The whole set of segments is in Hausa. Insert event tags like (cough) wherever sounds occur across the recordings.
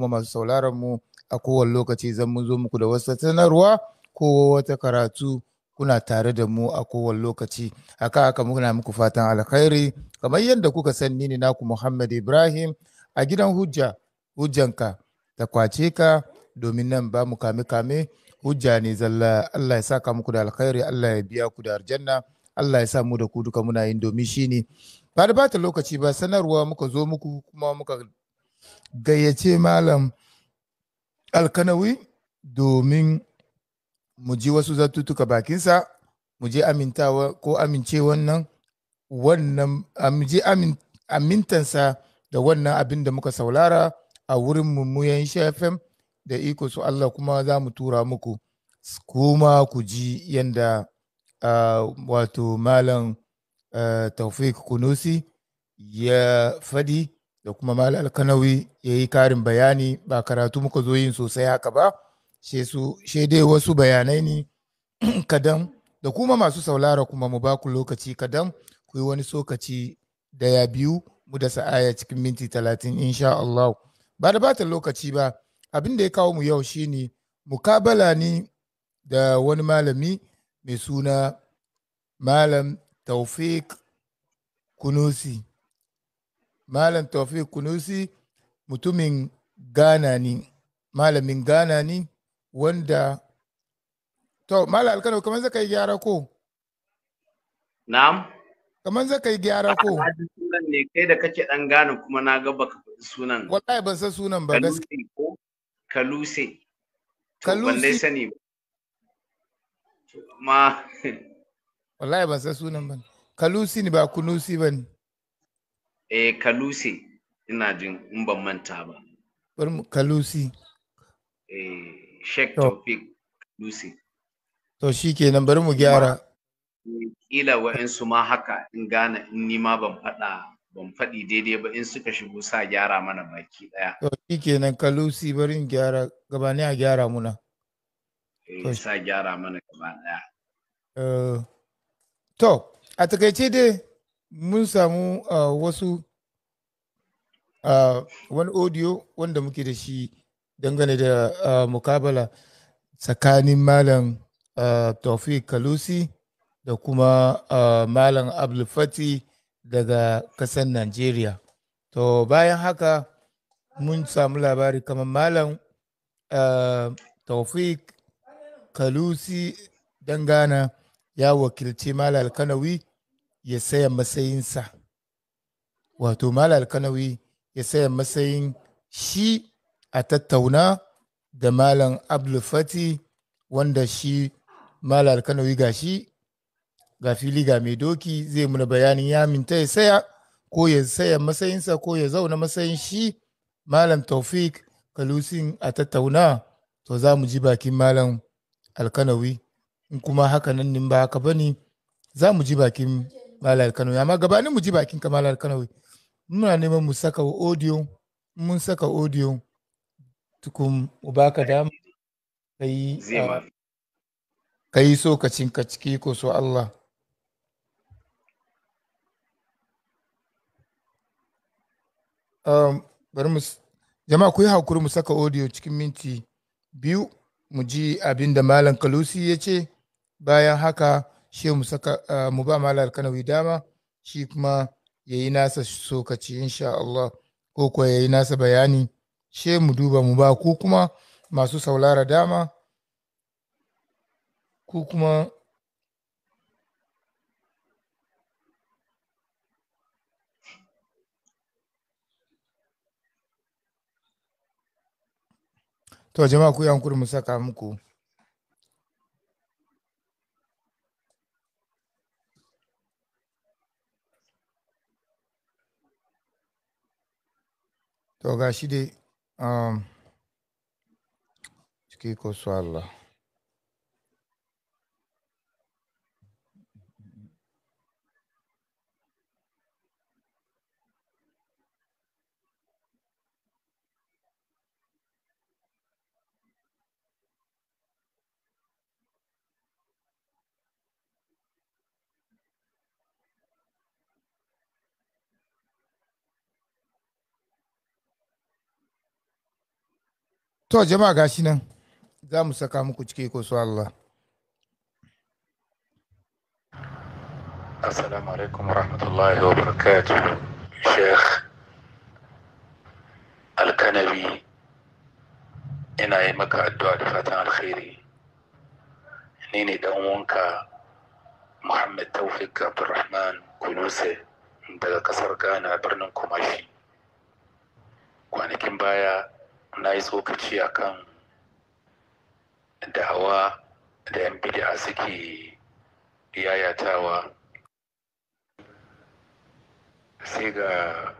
kuma masu sauraron mu a kowane lokaci zan mun zo muku da wasu sanarwa ko wata karatu kuna tare da mu a kowane lokaci haka haka muna muku fatan alkhairi kamar yadda kuka san ni ne naku Muhammad Ibrahim a gidan hujja hujjanka ta kwace ka domin nan ba mu kame kame hujja ne zalla Allah ya saka muku da alkhairi Allah ya biya ku da aljanna Allah ya sa mu da ku duka muna yin domin shi ne ba da bata lokaci ba sanarwa muka zo muku kuma muka gayyace malam alkanawi domin mu ji wasu zattutuka bakinsa mu je amintawa ko amince wannan wannan je amintansa da wannan abin da muka saurara a wurin mummuyan shafin da iko su Allah kuma za mu tura muku kuma ku ji yadda wato malam taufik kunusi ya fadi da kuma mal alkanawi ya yi karin bayani ba karatu muka zo yin sosai haka ba shi dai wasu bayanai ne (clears throat) kadan da kuma masu saulara kuma mu ba ku lokaci kadan ku yi wani sokaci daya biyu mu da sa'aya cikin minti talatin insha Allah ba da bata lokaci ba abin da ya kawo mu yau shi shine mukabala ne da wani malami mai suna malam taufik kunusi malam taufik kunusi mutumin ghana ne malamin ghana ne wanda to malam alkano kamar zaka yi gyara ko na'am kamar zaka yi gyara ko sunan ne kai da kake dan gane kuma na ga baka faɗi sunan wallahi ban san sunan ba gaskiya kaluse kaluse ban dai sani ba ma (laughs) wallahi ban san sunan ba kalusi ne ba kunusi ba ne eh kalusi ina jin in ban manta ba kalusi eh sheikh tofik kalusi to shi kenan bari mu gyara eh, kila wa'insu ma haka in gane in ni ma ban faɗa ban faɗi daidai ba in suka shigo sa gyara mana baki ɗaya. To shi kenan kalusi bari in gyara gabani a gyara muna. Eh sa gyara mana gaba ɗaya. Eh, to a takaice dai mun samu wasu wani audio wanda muke da shi dangane da mukabala tsakanin malam taufik kalusi da kuma malam abdulfati daga kasar Najeriya. To bayan haka mun samu labari kamar malam Taufik Kalusi Dangana ya wakilci Malal Kanawi ya saya matsayinsa wato malal kanawi ya saya matsayin shi a tattauna da malam abdulfati wanda shi malal kanawi ga shi ga fili ga mai doki zai muna bayanin ya minta ya saya ko ya saya matsayinsa ko ya zauna matsayin shi malam taufik kalusin a tattauna to za mu ji bakin malam alkanawi in kuma haka nan ba haka ba ne za mu ji bakin Malar Kano amma gabanin mu ji bakin ka Malar Kano muna neman mu saka audio mun saka audio tukun mu baka dama kai kai so ka cinka ciki ko so Allah um, bari mu jama'a ku yi hakuri mu saka audio cikin minti biyu mu ji abin da Malam Kalusi ya ce bayan haka shi mu saka mu ba malar kanawi dama shi kuma ya yi nasa sokaci insha Allah ko kuwa ya yi nasa bayani she mu duba mu ba ku kuma masu saulara dama ku kuma to jama'a ku yankuri mu saka muku Toga shide um chiki ko swalla. To jama'a gashi nan za mu saka muku ciki ko su Allah. Assalamu alaikum wa rahmatullahi wa barakatu, Sheikh Alkanabi ina yi maka addu'a da fatan alkhairi. Ni ne dan wanka Muhammad Taufik Abdulrahman Kunuse daga kasar Ghana birnin Kumashi. Kwanakin baya na yi tsokaci a kan da'awa da yan bid'a suke yayatawa sai ga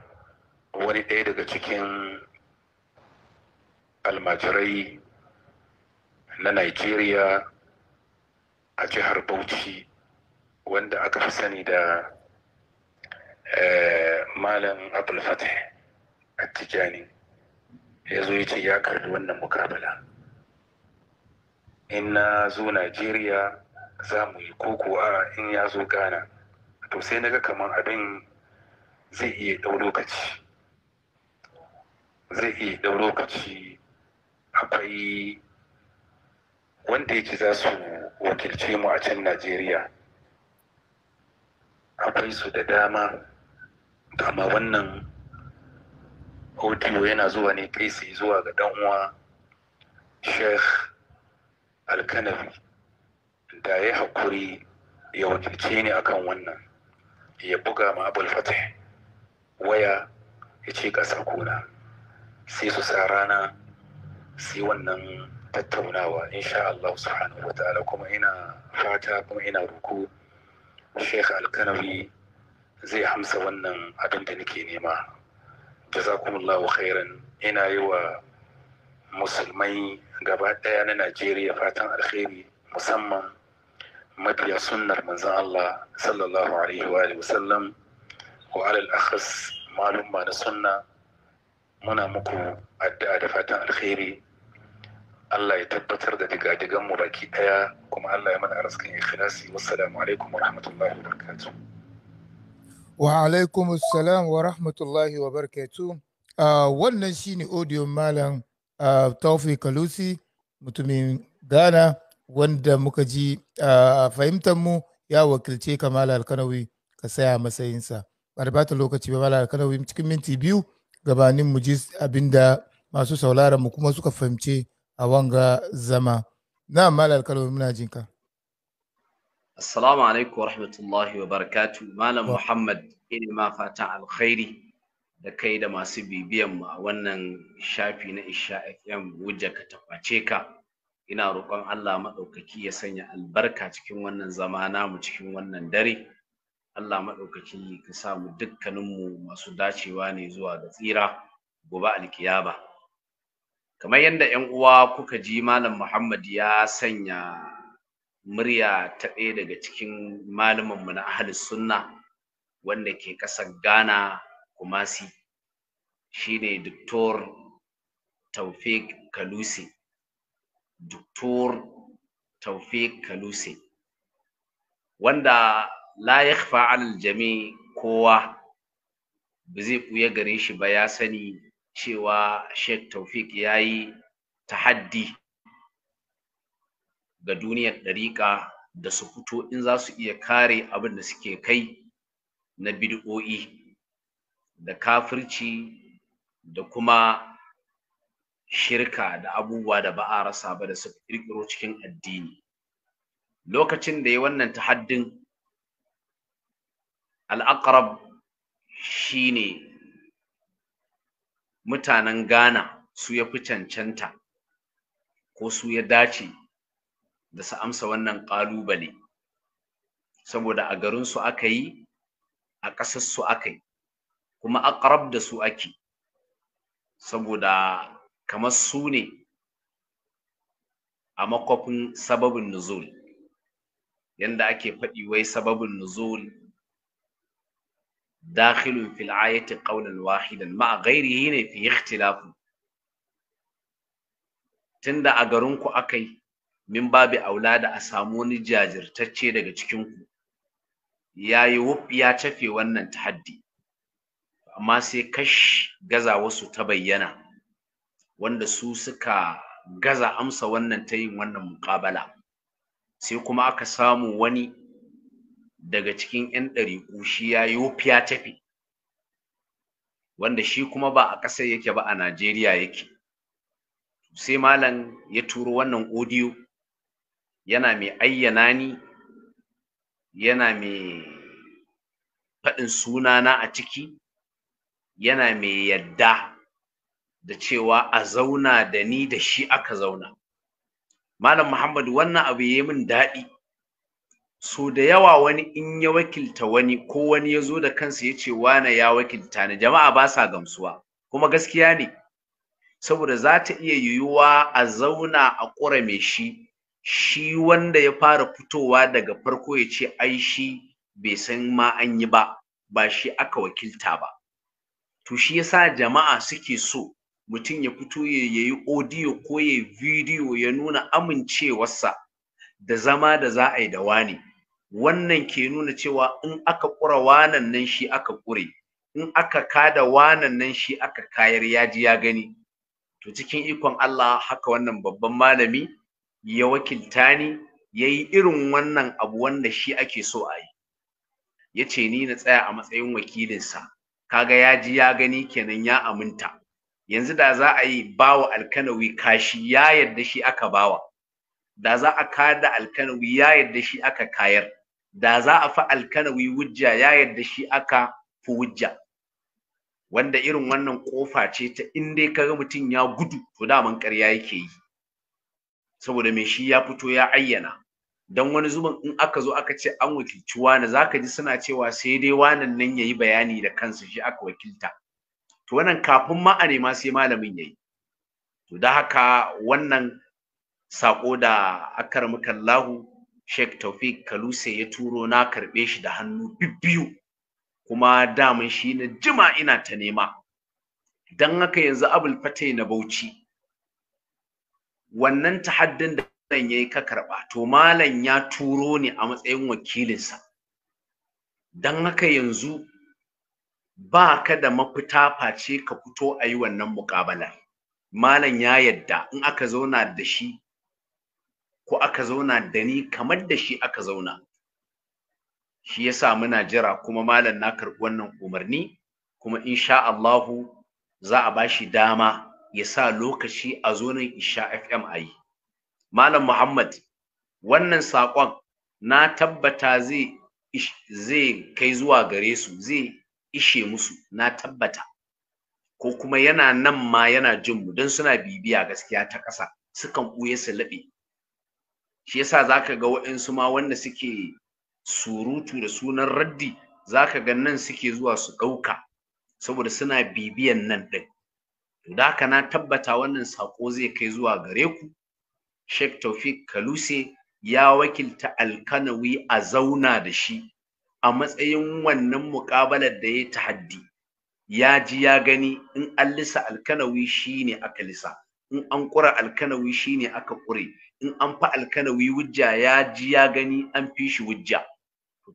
wani ɗaya daga cikin almajirai na nigeria a jihar bauchi wanda aka fi sani da eh, malam abdulfatah a tijani ya zo ya ce ya karbi wannan mukabala in na zo najeriya za mu yi koko a in ya zo ghana to sai na ga kamar abin zai iya ɗau lokaci zai iya ɗau lokaci akwai wanda ya ci za su wakilce mu a can najeriya akwai su da dama amma wannan audio yana zuwa ne kai sai zuwa ga dan uwa sheikh alkanabi da ya hakuri ya wajirce ni akan wannan ya buga ma abul fatih waya ya ce ga sakona sai su sa rana sai wannan tattaunawa insha Allah subhanahu wa ta'ala kuma ina fata kuma ina ruku Sheikh Alkanawi zai hamsa wannan abin da nake nema jaza jazakumullahu khairan ina yi wa musulmai gaba ɗaya na najeriya fatan alheri musamman mafiya sunnar manzon allah sallallahu alaihi wa sallam wa alal akhas malumma na sunna muna muku addu'a da fatan alheri Allah ya tabbatar da digadigan mu baki ɗaya kuma Allah ya mana arzikin ikhlasi wassalamu alaikum wa rahmatullahi wa barakatuh wa alaikum salam wa rahmatullahi wa barkatu ah, wannan shi ne audio malam ah, taufi kalusi mutumin ghana wanda muka ji a ah, mu ya wakilce kamal alkanawi ka saya matsayinsa bata lokaci ba malam alkanawi cikin minti biyu gabanin mu ji abinda masu sauraron mu kuma suka fahimce a wanga zama na malam alkanawi muna jinka Assalamu alaikum wa rahmatullahi wa barakatu. Malam Muhammad ina ma fatan alkhairi da kai da masu bibiyan mu a wannan shafi na Isha FM wujja ka taface ka. Ina roƙon Allah maɗaukaki ya sanya albarka cikin wannan zama mu cikin wannan dare. Allah maɗaukaki ka sa mu dukkaninmu masu dacewa ne zuwa ga tsira gobe alkiyaba. Kamar yadda 'yan uwa kuka ji Malam Muhammad ya sanya murya ta ɗaya daga cikin mu na ahli sunna wanda ke ƙasar ghana kumasi shine doctor taufik kalusi doctor taufik kalusi wanda la yakhfa jami kowa ba zai ɓuya gare shi ba ya sani cewa sheikh taufik ya yi tahaddi ga duniyar ɗariƙa da su fito in za su iya kare abin da suke kai na bid'o'i da kafirci da kuma shirka da abubuwa da ba a rasa ba da su ƙirƙiro cikin addini lokacin da ya wannan ta tahaddin al'aqrab shine mutanen ghana su ya fi cancanta ko su ya dace da su amsa wannan ƙalubale saboda a garinsu aka yi a ƙasarsu aka yi kuma aqrab da su ake saboda kamar su ne a makwafin sababin nuzul yanda ake faɗi wai sababin nuzul dakhilun fil ayati qawlan wahidan ma'a ghairihi ne fi ikhtilafu tunda a garinku akai min babi aula da a samu wani jajirtacce daga cikin ku yayi wuf ya tafe wannan tahaddi amma sai kash gaza wasu ta bayyana wanda su suka gaza amsa wannan ta yin wannan muƙabala sai kuma aka samu wani daga cikin 'yan ɗariƙu shi ya yi ya tafi wanda shi kuma ba a ƙasar yake ba a Najeriya yake sai malam ya turo wannan audio yana mai ayyana ni yana mai faɗin sunana a ciki yana mai yadda da cewa a zauna da ni da shi aka zauna malam muhammad wannan abu ya yi min daɗi so da yawa wani in ya wakilta wani ko wani ya zo da kansa ya ce wane ya wakilta ni jama'a ba sa gamsuwa kuma gaskiya ne saboda za ta iya yiwuwa a zauna a ƙura mai shi shi wanda ya fara fitowa daga farko ya ce ai shi bai san ma an yi ba ba shi aka wakilta ba to shi yasa jama'a suke so mutum ya fito ya yi audio ko ya yi video ya nuna amincewarsa da zama da za a yi da wani wannan ke nuna cewa in aka ƙura wanan nan shi aka kure, in aka kada wanan nan shi aka kayar ya ji ya gani to cikin ikon Allah haka wannan babban malami ya wakilta ni ya yi irin wannan abu wanda shi ake so a yi ya ce ni na tsaya a matsayin wakilinsa kaga ya ji ya gani kenan ya aminta yanzu da za a yi bawa alkanawi kashi ya yadda shi aka bawa da za a kayar da alkanawi ya yadda shi aka kayar da za a fa alkanawi wujja ya yadda shi aka fi wujja wanda irin wannan kofa ce ta in dai kaga mutum ya gudu to daman ƙarya yake yi saboda me shi ya fito ya ayyana dan wani zuban in aka zo aka ce an wakilci wani zaka ji suna cewa sai dai wanan nan yayi bayani da kansa shi aka wakilta to wannan kafin ma a nema sai malamin yayi to da haka wannan sako da Allahu! Sheikh Tawfiq Kaluse ya turo na karbe shi da hannu bibbiyu kuma daman shi na jima ina ta nema dan haka yanzu Abul Fatai na Bauchi wannan tahaddin da malam yayi ka karba to malam ya turo ni a matsayin wakilinsa dan haka yanzu ba ka da mafita face ka fito a yi wannan muƙabalar malam ya yadda in aka zauna da shi ko aka zauna da ni kamar da shi aka zauna shi yasa muna jira kuma malam na karɓi wannan umarni kuma insha Allahu za a bashi dama yasa lokaci a zo nan Isha FM a yi. Malam Muhammad, wannan saƙon na tabbata zai zai kai zuwa gare su zai ishe musu na tabbata ko kuma yana nan ma yana jin mu don suna bibiya gaskiya ta ƙasa sukan ɓuye su laɓe shi yasa zaka ga waɗansu ma wanda suke surutu da sunan raddi zaka ga nan suke zuwa su ɗauka saboda suna bibiyan nan ɗin to da haka na tabbata wannan sako zai kai zuwa gare ku Sheikh Taufik Kaluse ya wakilta Alkanawi a zauna da shi a matsayin wannan muƙabalar da ya tahaddi ya ji ya gani in an lisa Alkanawi shine aka lisa in an ƙura Alkanawi shine aka ƙure in an fa Alkanawi wujja ya ji ya gani an fi shi wujja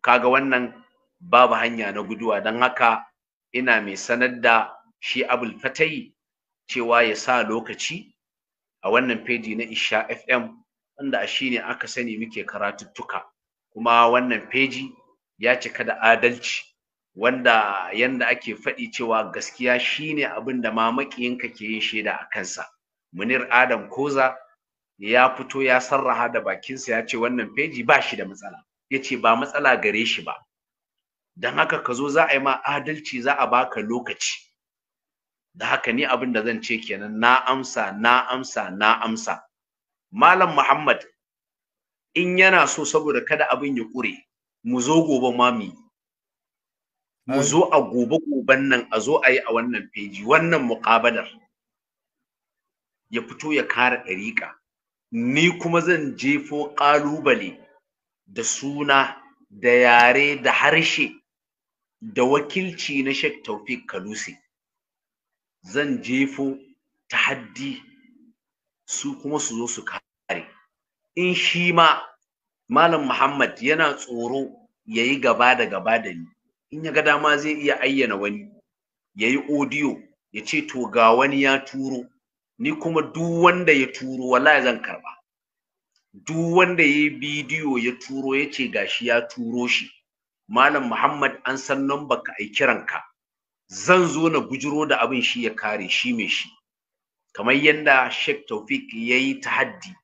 kaga wannan babu hanya na guduwa don haka ina mai sanar da shi abul fatayi cewa ya sa lokaci a wannan feji na Isha FM wanda shi ne aka sani muke karatuttuka kuma wannan feji ya cika da adalci wanda yanda ake faɗi cewa gaskiya shine abin da ma ke yin shaida a kansa munir adam koza ya fito ya sarraha da bakinsa ya ce wannan feji ba shi da matsala ya ce ba matsala gare shi ba don haka ka zo za a yi ma adalci za a baka lokaci da haka ni abin da zan ce kenan na amsa na amsa na amsa malam muhammad in yana so saboda kada abin ya ƙure mu zo gobe ma mu zo a gobe goben nan a zo a yi a wannan feji wannan muƙabadar ya fito ya kara ɗariƙa ni kuma zan jefo ƙalubale da suna da yare da harshe da wakilci na Sheikh Taufik Kalusi zan jefo tahaddi su kuma su zo su kare in shi ma malam muhammad yana tsoro ya yi gaba da gaba da ni in ya ga dama zai iya ayyana wani ya yi odiyo ya ce to ga wani ya turo ni kuma duk wanda ya turo wallahi zan karba duk wanda ya yi bidiyo ya turo ya ce gashi ya turo shi malam muhammad an san nan baka ai kiranka zan zo na bujiro da abin shi ya kare shi mai shi kamar yadda Sheikh Taufik ya yi tahaddi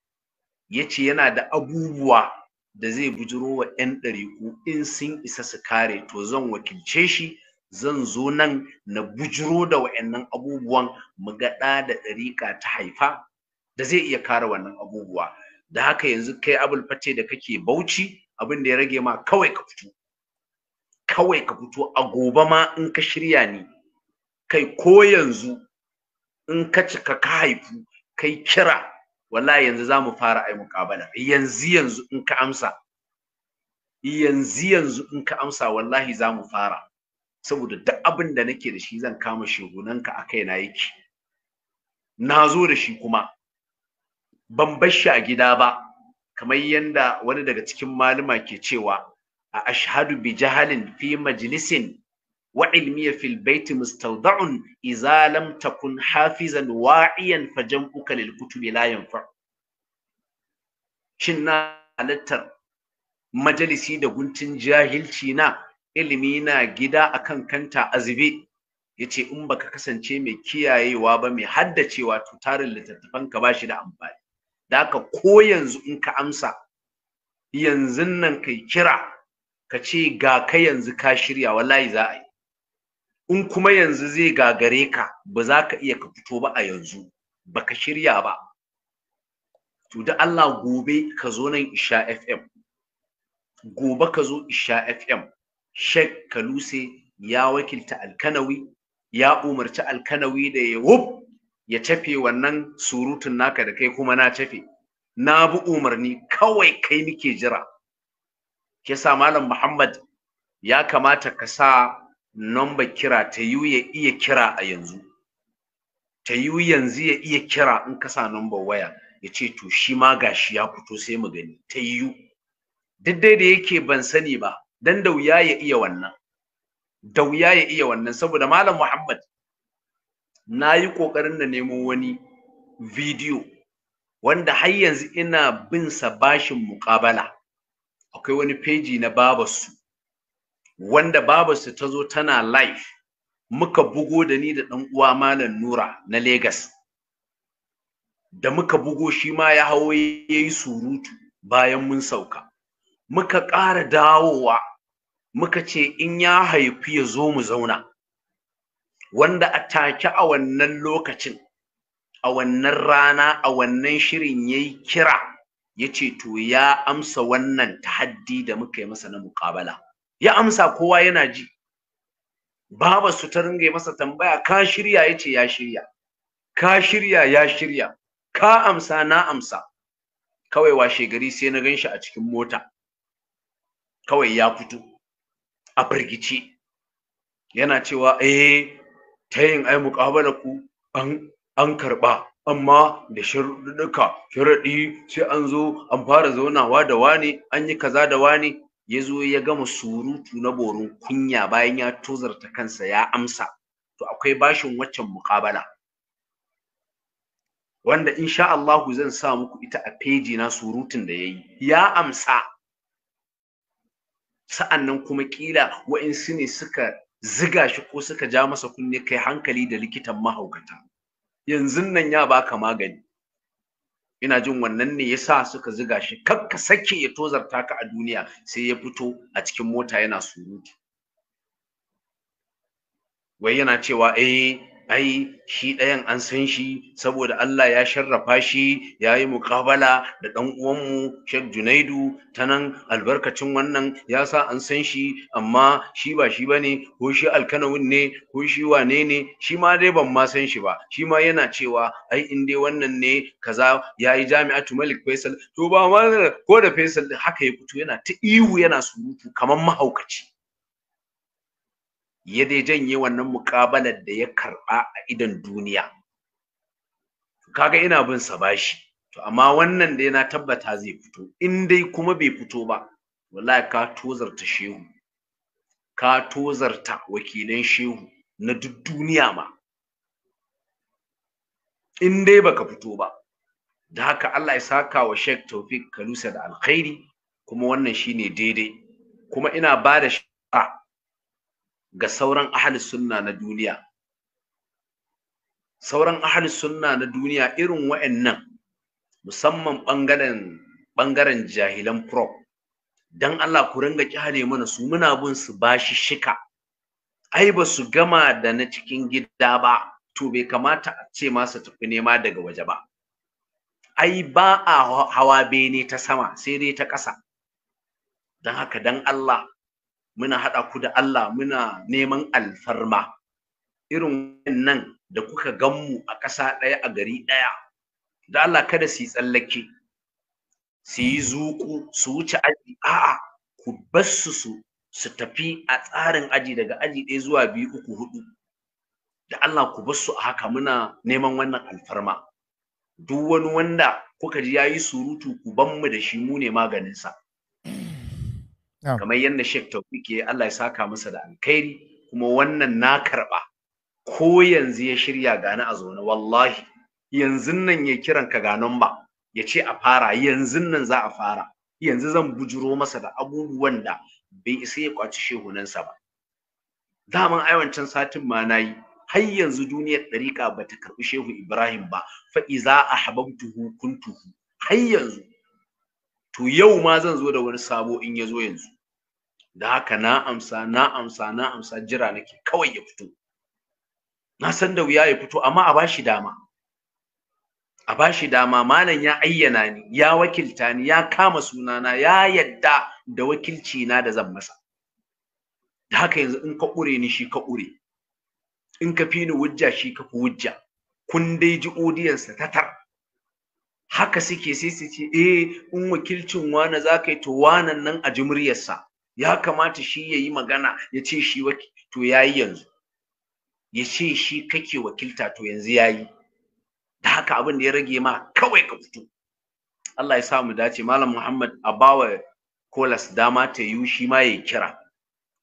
ya ce yana da abubuwa da zai bujiro wa 'yan ɗariƙu in sun isa su kare to zan wakilce shi zan zo nan na bujiro da wa'annan abubuwan mu ga da ɗariƙa ta haifa da zai iya kare wannan abubuwa da haka yanzu kai abul fate da kake bauchi abin da ya rage ma kawai ka fito kawai ka fito a gobe ma in ka shirya ni kai ko yanzu in ka cika ka haifu kai kira wallahi yanzu za mu fara ai muƙabala yanzu yanzu in ka amsa yanzu yanzu in ka amsa wallahi za mu fara saboda duk abin da nake da shi zan kama shugunanka a kai na yake na zo da shi kuma ban bar shi a gida ba kamar yanda wani daga cikin maluma ke cewa a ashhadu bi jahalin fi majlisin wa ilmiya fil baiti mustawda'un idza lam takun hafizan wa'iyan fa jam'uka lil kutubi shin na halattar majalisi da guntun jahilci na ilimi na gida akan kanta azube yace in baka kasance mai kiyayewa ba mai haddacewa to tarin littattafan ka shi da amfani da haka ko yanzu in ka amsa yanzun nan kai kira ka ce ga ka yanzu ka shirya wallahi za a yi in kuma yanzu zai gagare ka ba za ka iya ka fito ba a yanzu ba ka shirya ba to da Allah gobe ka zo nan Isha FM gobe ka zo Isha FM Sheikh Kaluse ya wakilta Alkanawi ya umarci Alkanawi da ya wuf ya tafe wannan surutun naka da kai kuma na tafe na bi umarni kawai kai muke jira Kisa malam Muhammad ya kamata ka sa number kira ta yiwu ya iya kira a yanzu ta yiwu yanzu ya iya kira in ka sa number waya ya ce to shi ma gashi ya fito sai mu gani ta yiwu. duk dai da yake ban sani ba dan da ya iya wannan da wuya ya iya wannan saboda malam Muhammad na yi ƙoƙarin na nemo wani bidiyo wanda har yanzu ina bin sa bashin muƙabala akwai wani feji na Babasu. wanda Babasu ta zo tana live muka bugo da ni da ɗan uwa malam nura na Legas. da muka bugo shi ma ya hawo ya surutu bayan mun sauka muka ƙara dawowa muka ce in ya haifi ya zo mu zauna wanda a take a wannan lokacin a wannan rana a wannan shirin ya yi kira yace to ya amsa wannan tahaddi da muka yi masa na muƙabala ya amsa kowa yana ji baba su ta ringe masa tambaya ka shirya yace ya shirya ka shirya ya shirya ka amsa na amsa kawai washe gari sai na ganshi a cikin mota kawai ya fito a firgice yana cewa eh tayin ai muƙabala ku an an karɓa amma da sharuɗuɗɗuka sharaɗi sai an zo an fara zaunawa da wani an yi kaza da wane ya zo ya gama surutu na borin kunya bayan ya tozarta kansa ya amsa to akwai bashin waccan muƙabala wanda insha Allahu zan sa muku ita a feji na surutun da yayi ya amsa sa'annan kuma kila wa'insu ne suka ziga shi ko suka ja masa kunne kai hankali da likitan mahaukata yanzun nan ya baka magani ina jin wannan ne yasa suka ziga shi ka sake ya tozarta ka a duniya sai ya fito a cikin mota yana suruti. wai yana cewa eh ai shi ɗayan an san shi saboda Allah ya sharrafa shi ya yi muƙabala da ɗan uwanmu Sheikh Junaidu ta nan albarkacin wannan ya sa an san shi amma shi ba shi ba ne ko shi alkanawin ne ko shi wane ne shi ma dai ban ma san shi ba shi ma yana cewa ai in dai wannan ne kaza ya yi jami'atu Malik Faisal to ba ma ko da Faisal haka ya fito yana ta ihu yana surutu kamar mahaukaci ya dai janye wannan muƙabalar da ya karɓa a idan duniya kaga ina bin sa bashi to amma wannan dai na tabbata zai fito in dai kuma bai fito ba wallahi ka tozarta shehu ka tozarta wakilan shehu na duk duniya ma in dai baka fito ba da haka Allah ya saka wa Sheikh Tawfiq Kalusa da alkhairi kuma wannan shine daidai kuma ina ba da shi ga sauran ahli sunna na duniya sauran ahli sunna na duniya irin wa'annan musamman bangaren bangaren jahilan pro dan Allah ku ringa kyale mana su muna bin su bashi shika ai ba su gama da na cikin gida ba to bai kamata a ce masa tafi nema daga waje ba ai ba a hawa bene ta sama sai dai ta ƙasa dan haka dan Allah muna haɗa ku da Allah muna neman alfarma irin nan da kuka gan mu a ƙasa ɗaya a gari ɗaya da Allah kada su yi tsallake su yi zuku su wuce aji a'a ku bar su su tafi a tsarin aji daga aji ɗaya zuwa biyu uku hudu da Allah ku bar su a haka muna neman wannan alfarma duk wani wanda kuka ji yayi surutu ku ban mu da shi mu ne maganinsa kamar yadda Sheikh Tawfiq ya Allah ya saka masa da alkhairi kuma wannan na karba ko yanzu ya shirya gani a zaune wallahi yanzu nan ya kiran ka ga ba ya ce a fara yanzu nan za a fara yanzu zan bujuro masa da abubuwan da bai isa ya kwaci sa ba daman aiwancin satin ma nayi har yanzu duniyar ɗariƙa bata karbi karɓi shehu ibrahim ba faɗi za a kun kuntuhu har yanzu to yau ma zan zo da wani sabo in ya zo yanzu da haka na amsa na amsa na amsa jira nake kawai ya fito na san da wuya ya fito amma a bashi dama a bashi dama malam ya ayyana ni ya wakilta ni ya kama sunana ya yadda da wakilci na da zan masa da haka yanzu in ka ƙure ni shi ka ƙure in ka fi wujja shi ka fi wujja kun dai ji ta tar. haka suke sai su ce eh in wakilcin wane za ka yi to wanan nan a ji muryarsa ya kamata shi ya yi magana ya ce shi to ya yi yanzu ya ce shi kake wakilta to yanzu ya yi da haka abin da ya rage ma kawai ka fito Allah ya sa mu dace malam Muhammad a bawa kolas dama ta yi shi ma ya kira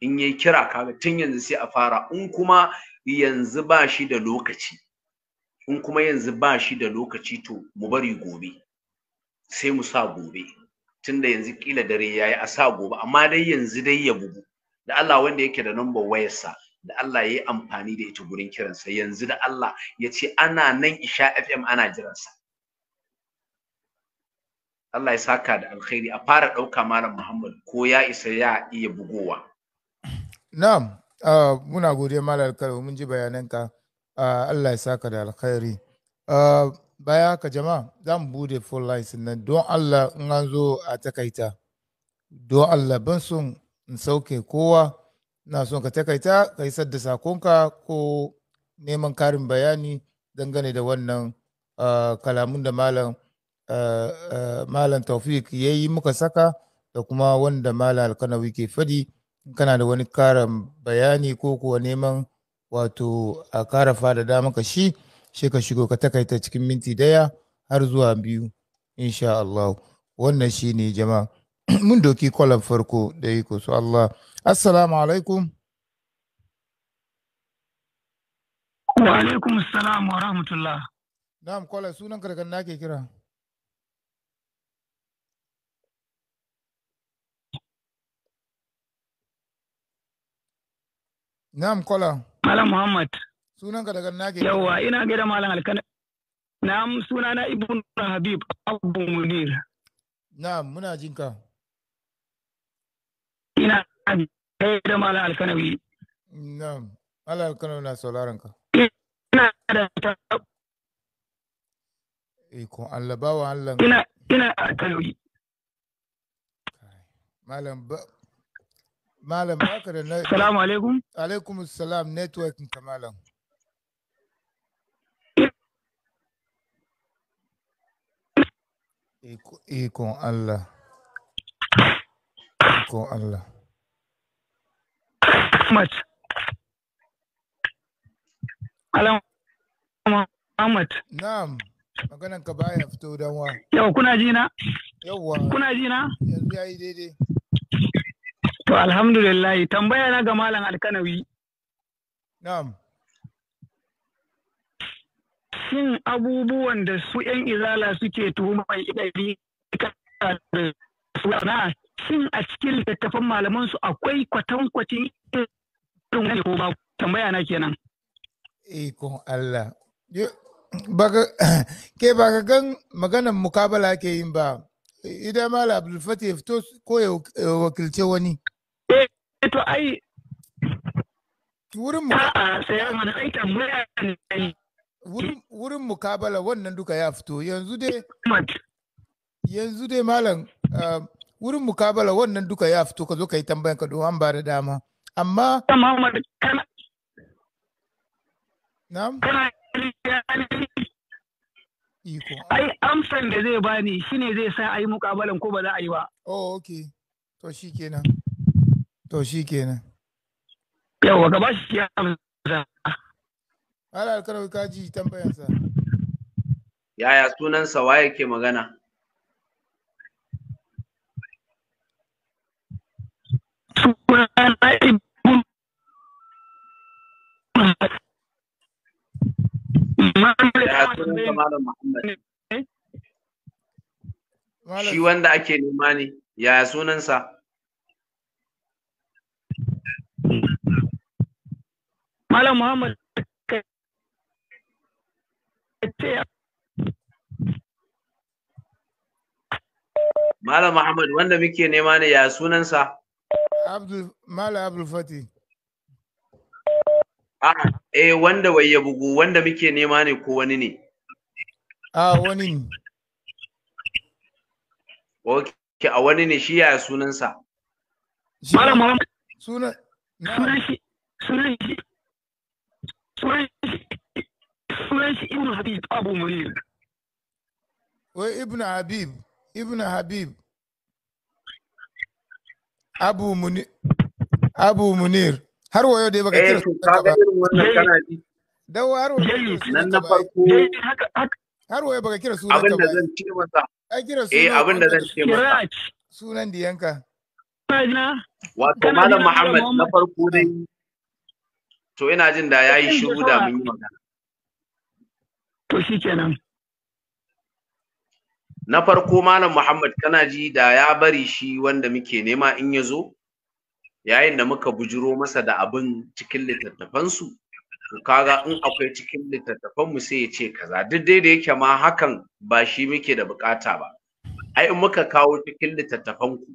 in ya kira kaga tun yanzu sai a fara in kuma yanzu ba shi da lokaci in kuma yanzu ba shi da lokaci to mu bari gobe sai mu sa gobe tunda yanzu kila dare yayi a sa gobe amma dai yanzu dai ya bugu da Allah wanda yake da number wayarsa da Allah ya amfani da ita gurin kiransa yanzu da Allah ya ce ana nan isha FM ana jiransa Allah ya saka da alkhairi a fara ɗauka malam Muhammad ko ya isa ya iya bugowa na'am ah, muna gode malam alkaro mun ji bayananka Ah, Allah ya saka da alkhairi ah, baya haka jama'a za mu bude full lines nan don Allah in an zo a takaita don Allah ban son in sauke kowa na son ka takaita ka isar da sakonka ko neman karin bayani dangane da wannan ah, kalamun da malam malam taufik ya yi muka saka da kuma wanda malam alkanawi ke fadi kana da wani karin bayani ko kuwa neman wato a ƙara dama ka shi shi ka shigo ka takaita cikin minti daya har zuwa biyu insha Allah wannan shi ne jama'a (clears throat) mun doki kwallon farko da yi su Allah assalamu alaikum wa alaikum assalam wa rahmatullah na'am kwalan sunan ka na ke kira Na'am kwala. Malam Muhammad. Sunan ka daga nake. Yawwa ina gaida Malam Alkana. Na'am suna na Ibn Habib Abu Munir. Na'am muna jin ka. Ina gaida Malam Alkanawi. Na'am. Malam Alkanawi na sauraron ka. Ina da ta eh, ko Allah bawa Allah. Ina ina Alkanawi. Malam ba Malam baka da network. Salamu alaikum. Alaikum salam network ka malam. Ikon Allah. Ikon Allah. Muhammad. Alam Muhammad. Na'am. Maganan ka baya fito dan wa. Yau kuna ji na? wa. Kuna ji na? Yanzu yayi daidai. To alhamdulillah tambaya na ga Malam Alkanawi. Na'am. Shin abubuwan da su ‘yan izala suke tuhumar idari na shin a cikin littattafan malaman su akwai kwatankwacin irin ko ba tambaya na kenan. Ikon Allah. (clears throat) Ke ba ka gan maganan mukabala ke yin ba, idan Malam Abdulfatih fito ko ya wakilce wani. eh to ai wurin mu a'a sai mana ai tambaya ne wurin mukabala wannan duka ya fito yanzu dai yanzu dai malam ah, wurin mukabala wannan duka ya fito ka zo ka yi tambayan ka don an ba da dama amma Muhammad kana na'am kana iko ai amsan da zai bani shine zai sa a yi mukabalan ko ba za a yi ba oh okay to shikenan To shi kenan. Yau, ka ba shi ya amsa. Hala alkarau ka ji tambayansa. Yaya sunansa sawa yake magana? Shi wanda ake nema ne, yaya sunansa? Malam Muhammad Malam Muhammad wanda muke nema ne ya sunansa? Abdul Malam Abdul Fati. Ah, eh wanda wai ya bugu wanda muke nema ne ko wani ne? Ah, wani ne. Okay, a wani ne shi ya sunansa? Malam Muhammad. Sunan. Sunan shi. Sunan shi. sunan shi ibn habib abu munir wai ibn habib ibn habib abu munir abu munir har wayo dai baka kira eh, sunan ba Dawa har yau nan na farko har wayo baka kira sunan abinda zan ce masa ai kira eh, sunan eh abinda zan ce masa sunan diyanka wato malam muhammad na farko dai to ina jin da ya yi shiru da mun yi magana to kenan. na farko malam Muhammad kana ji da ya bari shi wanda muke nema in ya zo yayin da muka bujiro masa da abin cikin littattafansu to kaga in akwai cikin littattafanmu sai ya ce kaza duk dai da yake ma hakan ba shi muke da bukata ba ai in muka kawo cikin littattafanku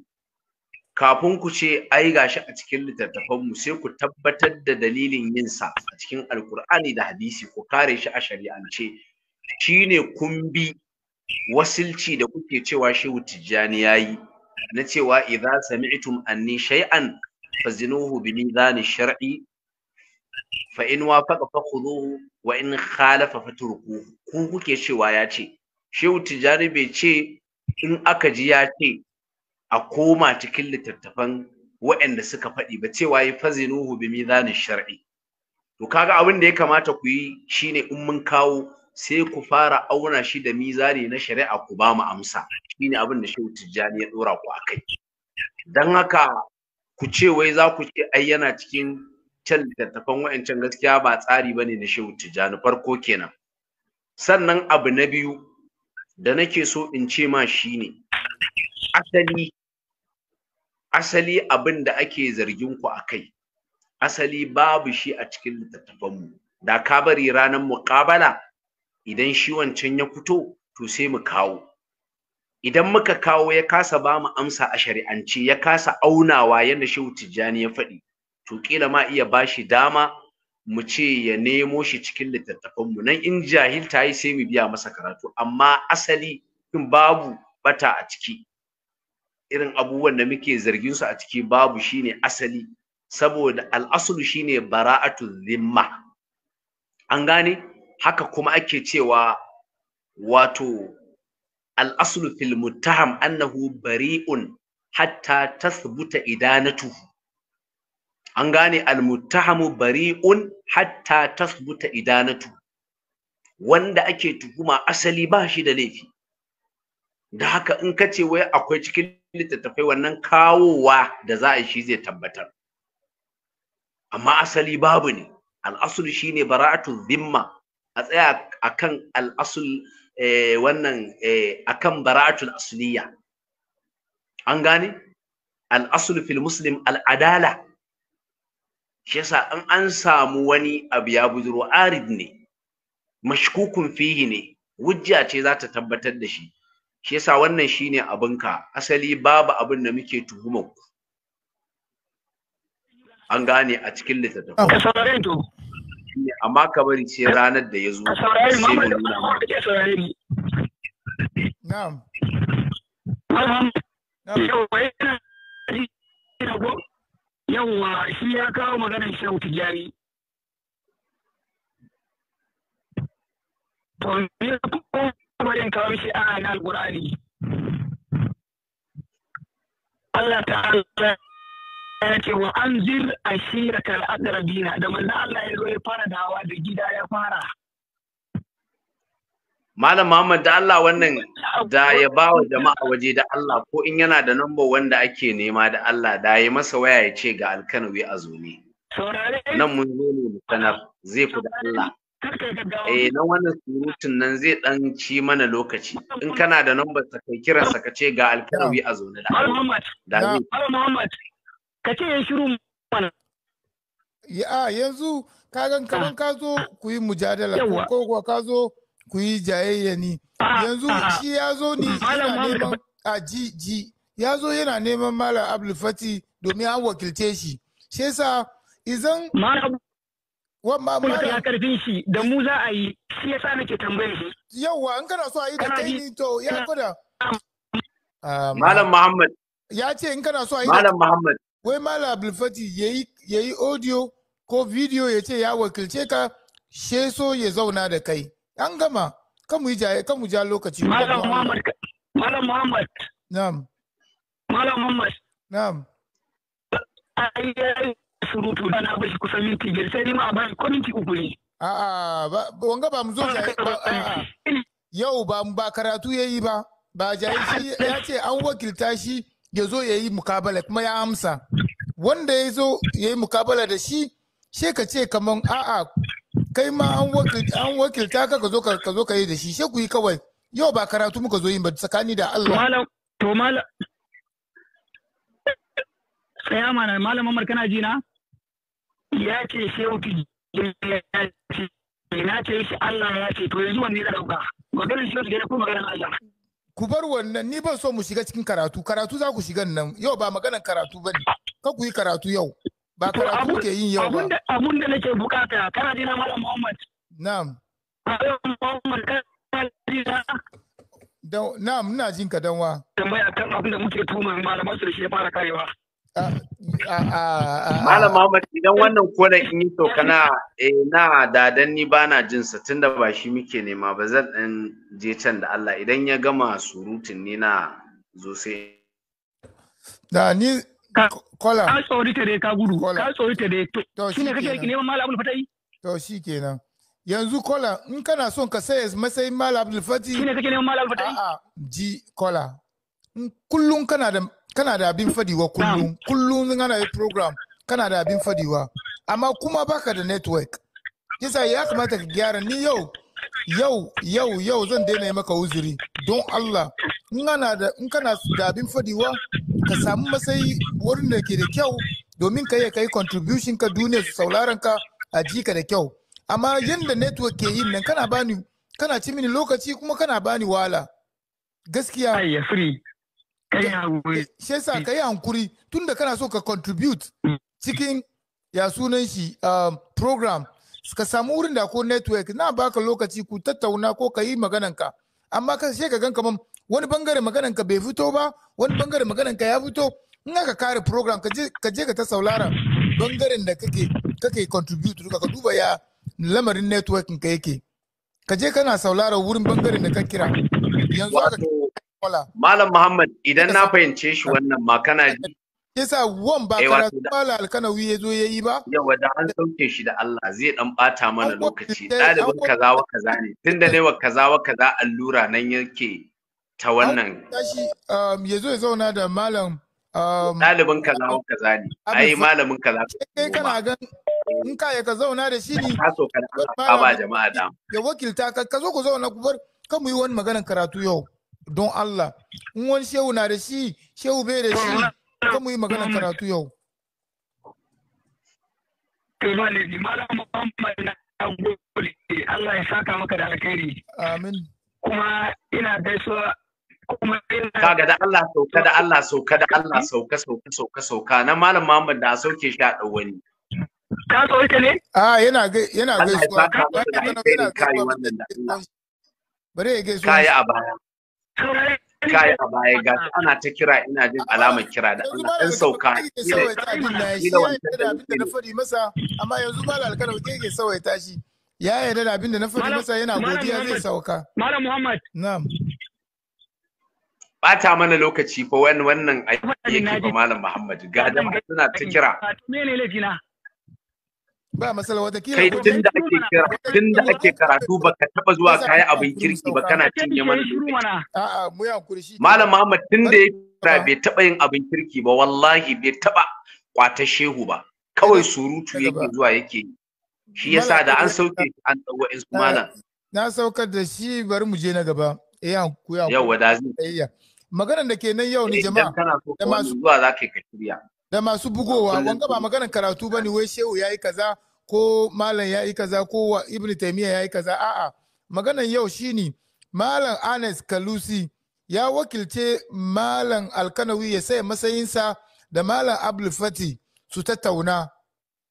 kafin ku ce ai gashi a cikin littattafan mu sai ku tabbatar da dalilin yin sa a cikin alkur'ani da hadisi ku kare shi a shari'ance shine kun bi wasilci da kuke cewa shehu tijjani ya yi. na cewa idza sami'tum anni shay'an fazinuhu bi mizani shar'i fa in wafaqa wa in khalafa fatrukuhu ku kuke cewa ya ce shehu tijjani bai ce in aka ji ya ce a koma cikin littattafan waɗanda suka faɗi ba cewa yi fazinuhu bi mizanin shar'i to kaga abin da ya kamata ku yi shine in mun kawo sai ku fara auna shi da mizani na shari'a ku ba mu amsa shine abin da Shehu Tijjani ya dora ku akai dan haka ku ce wai za ku ce ai yana cikin can littattafan wa'ancan gaskiya ba tsari bane na Shehu Tijjani farko kenan sannan abu na biyu da nake so in ce ma shine asali asali abin da ake zargin ku akai asali babu shi a cikin mu, da ka bari ranar muqabala idan shi wancan ya fito to sai mu kawo idan muka kawo ya kasa ba mu amsa a shari'ance ya kasa aunawa yadda shehu tijjani ya faɗi to kila ma iya bashi dama mu ce ya nemo shi cikin littattafan mu, nan in jahil yi sai mu biya masa karatu amma asali in babu bata a ciki irin abubuwan da muke zargin su a ciki babu shine asali saboda al'asulu shine bara'atu zimma an gane haka kuma ake cewa wato al'asulu fil muttaham annahu bari'un hatta tathbuta idanatu. an gane muttahamu bari'un hatta tasbuta idanatu wanda ake tuhuma asali ba shi da laifi da haka in ka ce wai akwai cikin littattafai wannan kawowa da za a yi shi zai tabbatar amma asali babu ne al'asul shine bara'atu zimma a tsaya akan al'asul eh, wannan eh, akan bara'atul asliya an gane al'asul fil muslim al'adala shi yasa in an samu wani abu ya buduro arid ne mashkukun fihi ne hujja ce za ta tabbatar da shi shi yasa wannan shine abinka asali babu abun da muke tuhumar ku an gane a cikin littattafai ka saurare to amma ka bari sai ranar da ya zo sai mu nuna na'am yawwa shi ya kawo maganar shehu tijjani to ne su bari kawo shi a na alƙur'ani Allah ta'ala ya ce wa anzir ashiratal bina da manzo Allah ya zo ya fara dawa da gida ya fara Malam Muhammad da Allah wannan da ya ba wa jama'a waje da Allah ko in yana da number wanda ake nema da Allah da ya masa waya ya ce ga alkanawi a zo ne. Nan mun zo ne mu sanar zai fi da Allah. eh na wannan surutun nan zai dan ci mana lokaci in kana da number sa kai kiran sa kace ga alkarawi a zaune da Allah Muhammad da Muhammad kace ya shiru mana ya yanzu kagan kaman ka zo ku yi mujadala ko kuwa ka zo ku yi jayayya ni yanzu shi ya zo ni yana neman a ji ji ya zo yana neman malam abdulfati domin an wakilce shi shi yasa izan Wamma Malam. ya karfin shi da mu za a yi shi yasa nake tambayar shi. Yawwa in kana so a yi da kai ni to ya kuda. Ah, ah, malam Muhammad. Ya ce in kana so a yi Malam Muhammad. Wai Malam Fati yayi yayi audio ko video ya ce ya wakilce ka she so ya zauna da kai. An gama kan mu ja kan mu ja lokaci. Malam Muhammad. Malam Muhammad. Na'am. Malam Muhammad. Na'am. Ai ai surutu ba na shi kusan minti biyar sai ma a ko minti uku ne. A'a wanga ba mu zo yau ba ba karatu ya yi ba ba jayi shi ya ce an wakilta shi ya zo ya yi mukabala kuma ya amsa wanda ya zo ya yi mukabala da shi she ka ce kaman a'a kai ma an wakilta ka ka zo ka zo ka yi da shi she ku yi kawai yau ba karatu muka zo yin ba tsakani da Allah malam to malam tsaya mana malam Umar kana ji na ya ce shehu tijjani ya ce na ce shi Allah ya ce to yanzu wanne da dauka maganar shehu tijjani ko maganar Allah ku bar wannan ni ban so mu shiga cikin karatu karatu za ku shiga nan yau ba maganar karatu ba ne, ka ku yi karatu yau ba karatu ke yin yau ba abun da nake bukata kana dina malam Muhammad na'am Muhammad kana Da Na'am, ina jin ka danwa. Tambaya kan abin da muke tuma malaman su da shi ya fara karewa. Malam Muhammad ah, idan wannan koren in yi tokana eh, na dadan ni ba na jin sa tunda ba shi muke nema ba zan dan je can da Allah idan ya gama surutun ni na zo sai da ni kola ka tsori ta dai ka gudu ka tsori ta dai to shine kake neman malam Abdul Fatai to shikenan yanzu kola in kana son ka sai matsayin malam Abdul Fatai shine kake neman malam Fatai a'a ji kola kullum kana da kana da abin fadiwa kullum kullum ana yi program kana da abin fadiwa amma kuma baka da network yasa ya kamata ka gyara ni yau yau yau yau zan daina maka uzuri don Allah in kana da in kana da abin fadiwa ka samu matsayi wurin da ke da kyau domin ka yi kai contribution ka duniya su sauraron ka a ji ka da kyau amma yanda network ke yin nan kana bani kana ci mini lokaci kuma kana bani wala gaskiya ayya free kai ka yi yasa kai hankuri tunda kana so ka contribute mm. cikin ya sunan shi um, program ka samu wurin da ko network na baka lokaci ku tattauna ko ka yi magananka amma ka sai ka gan kaman wani bangare magananka bai fito ba wani bangare magananka ya fito in aka kare program ka je ka ta saulara bangaren da kake kake contribute duka ka duba ya lamarin networking ka yake ka je kana saulara wurin bangaren da ka kira yanzu aka Malam Muhammad idan na fahimce shi wannan ma kana ji. Yasa wan ba eh, karatu Malam Alkanawi ya zo ya yi ba? Yawa da an sauke shi da Allah zai dan bata mana lokaci. Dalibin eh, kaza wa kaza ne. Tunda ne wa kaza wa kaza allura nan yake ta wannan. Tashi um, ya zo ya zauna da Malam um, Ɗalibin kaza wa kaza ne. Ai malamin kaza. Kai kana gan in ka ya ka zauna da shi ne. Ka so ka da ba jama'a da. Ya wakilta ka ka zo ku zauna ku bar kan mu yi wani maganar karatu yau. don Allah in wani shehu na da shi shehu bai da shi kan mu yi magana karatu yau Allah ya saka maka da alkhairi amin kuma ina gaisuwa kaga da Allah sauka da Allah sauka da Allah sauka sauka sauka sauka na malam Muhammad da sauke shi a wani ka sauke ne a yana yana gaisuwa yana gaisuwa bare ya gaisuwa kai a baya kaya a baya ga ana ta kira ina jin alamar kira da Allah dan sauka amma yanzu ba da alkalau ke ke ya yarda da abin da na masa yana godiya zai sauka malam muhammad na'am bata mana lokaci fa wannan wannan aiki yake ba malam muhammad ga suna ta kira laifina ba masala watakila kai tun da ake kira tun da ake karatu baka taba zuwa kaya abin kirki ba kana cinye mana lokaci a'a mu ya kurshi malam Muhammad tun da ya kira bai taba yin abin kirki ba wallahi bai taba kwata shehu ba kawai surutu yake zuwa yake shi yasa da an sauke an dawo in su malam na saukar da shi bari mu je na gaba eh ku ya yawa da zai eh, magana da ke nan yau ne eh, jama'a da masu zuwa zaka ka shirya da masu bugowa wanga ba maganar karatu bane wai shehu yayi kaza ko malam yayi kaza ko ibn taymiya yayi kaza a'a maganar yau shine malam Anas Kalusi ya wakilce malam Alkanawi ya sai matsayinsa da malam Abdul Fati su tattauna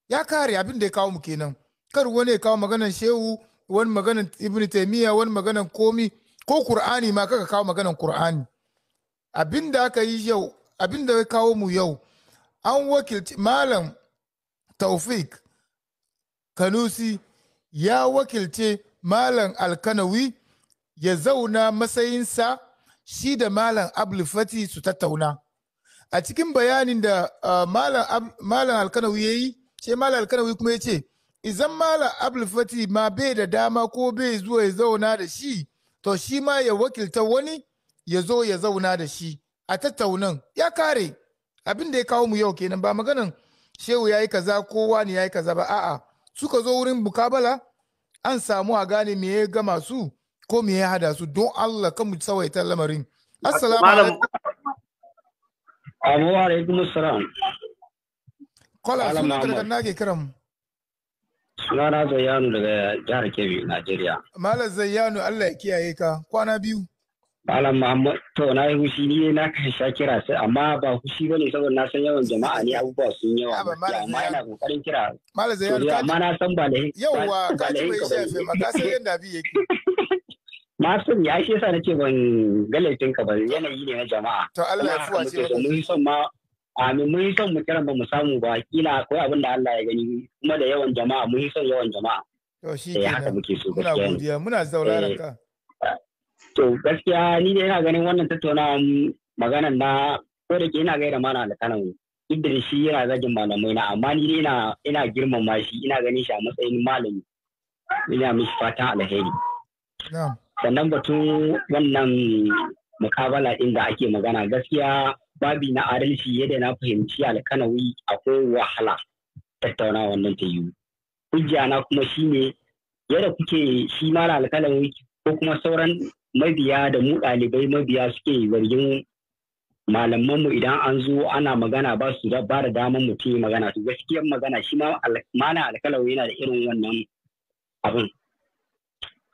ya kare abin da ya kawo mu kenan kar wani ya kawo maganar shehu wani maganar ibn taymiya wani maganar komi ko kur'ani ma kaka kawo maganar kur'ani abin da aka yi yau abin da ya kawo mu yau an wakilci malam taufik kanusi ya wakilce malam alkanawi ya zauna matsayinsa shi da malam abulfati su tattauna a cikin bayanin da uh, malam alkanawi ya yi ce malam alkanawi kuma ya ce izan malam abulfati ma bai da dama ko bai zuwa ya zauna da shi to shi ma ya wakilta wani ya zo ya zauna da shi a tattaunan ya kare abin da ya kawo mu yau kenan ba maganan shehu ya yi kaza kowa ne ya yi kaza ba a'a suka zo wurin bukabala an samu a gane me ya gama su ko me ya hada su don Allah kan mu ta lamarin assalamu alaikum Abu alaikum assalam kola sunan daga nake kiran sunana Zayyanu daga jihar Kebbi Najeriya Malam Zayyanu Allah ya kiyaye ka kwana biyu Malam Muhammad to na yi hushi ne na kashe kira sai amma ba hushi bane saboda na san yawan jama'a ne abubuwa sun yawa amma ina kokarin kira Malam Zayyar amma na san ba da yawa ka ji bai shafe ma ka san yanda bi yake (laughs) na san ya shi yasa nake ban galatin ka ba yanayi ne na jama'a to Allah ya fuwa ce mun san ma amin mun san mu kiran ba mu samu ba kila akwai abin da Allah ya gani kuma da yawan jama'a mun san yawan jama'a to shi eh, ne muna godiya muna zauraron eh. ka To gaskiya ni da yana ganin wannan tattaunawa maganan na ko da ke ina gaira mana da kanan duk shi yana zagin malamai na amma ni dai ina girmama shi ina ganin shi a matsayin malami ina mishi fata alheri. Sannan batu wannan mukabala ɗin da ake magana gaskiya babi na adalci yadda na fahimci alkanawi ko wahala tattaunawa wannan ta yi Hujja na kuma shine yadda kuke shi mara alkanawi ko kuma sauran mabiya da mu ɗalibai mabiya suke zargin malamanmu idan an zo ana magana ba su ba da damar mutum yi magana to gaskiya magana shi ma mana alkalau yana da irin wannan abin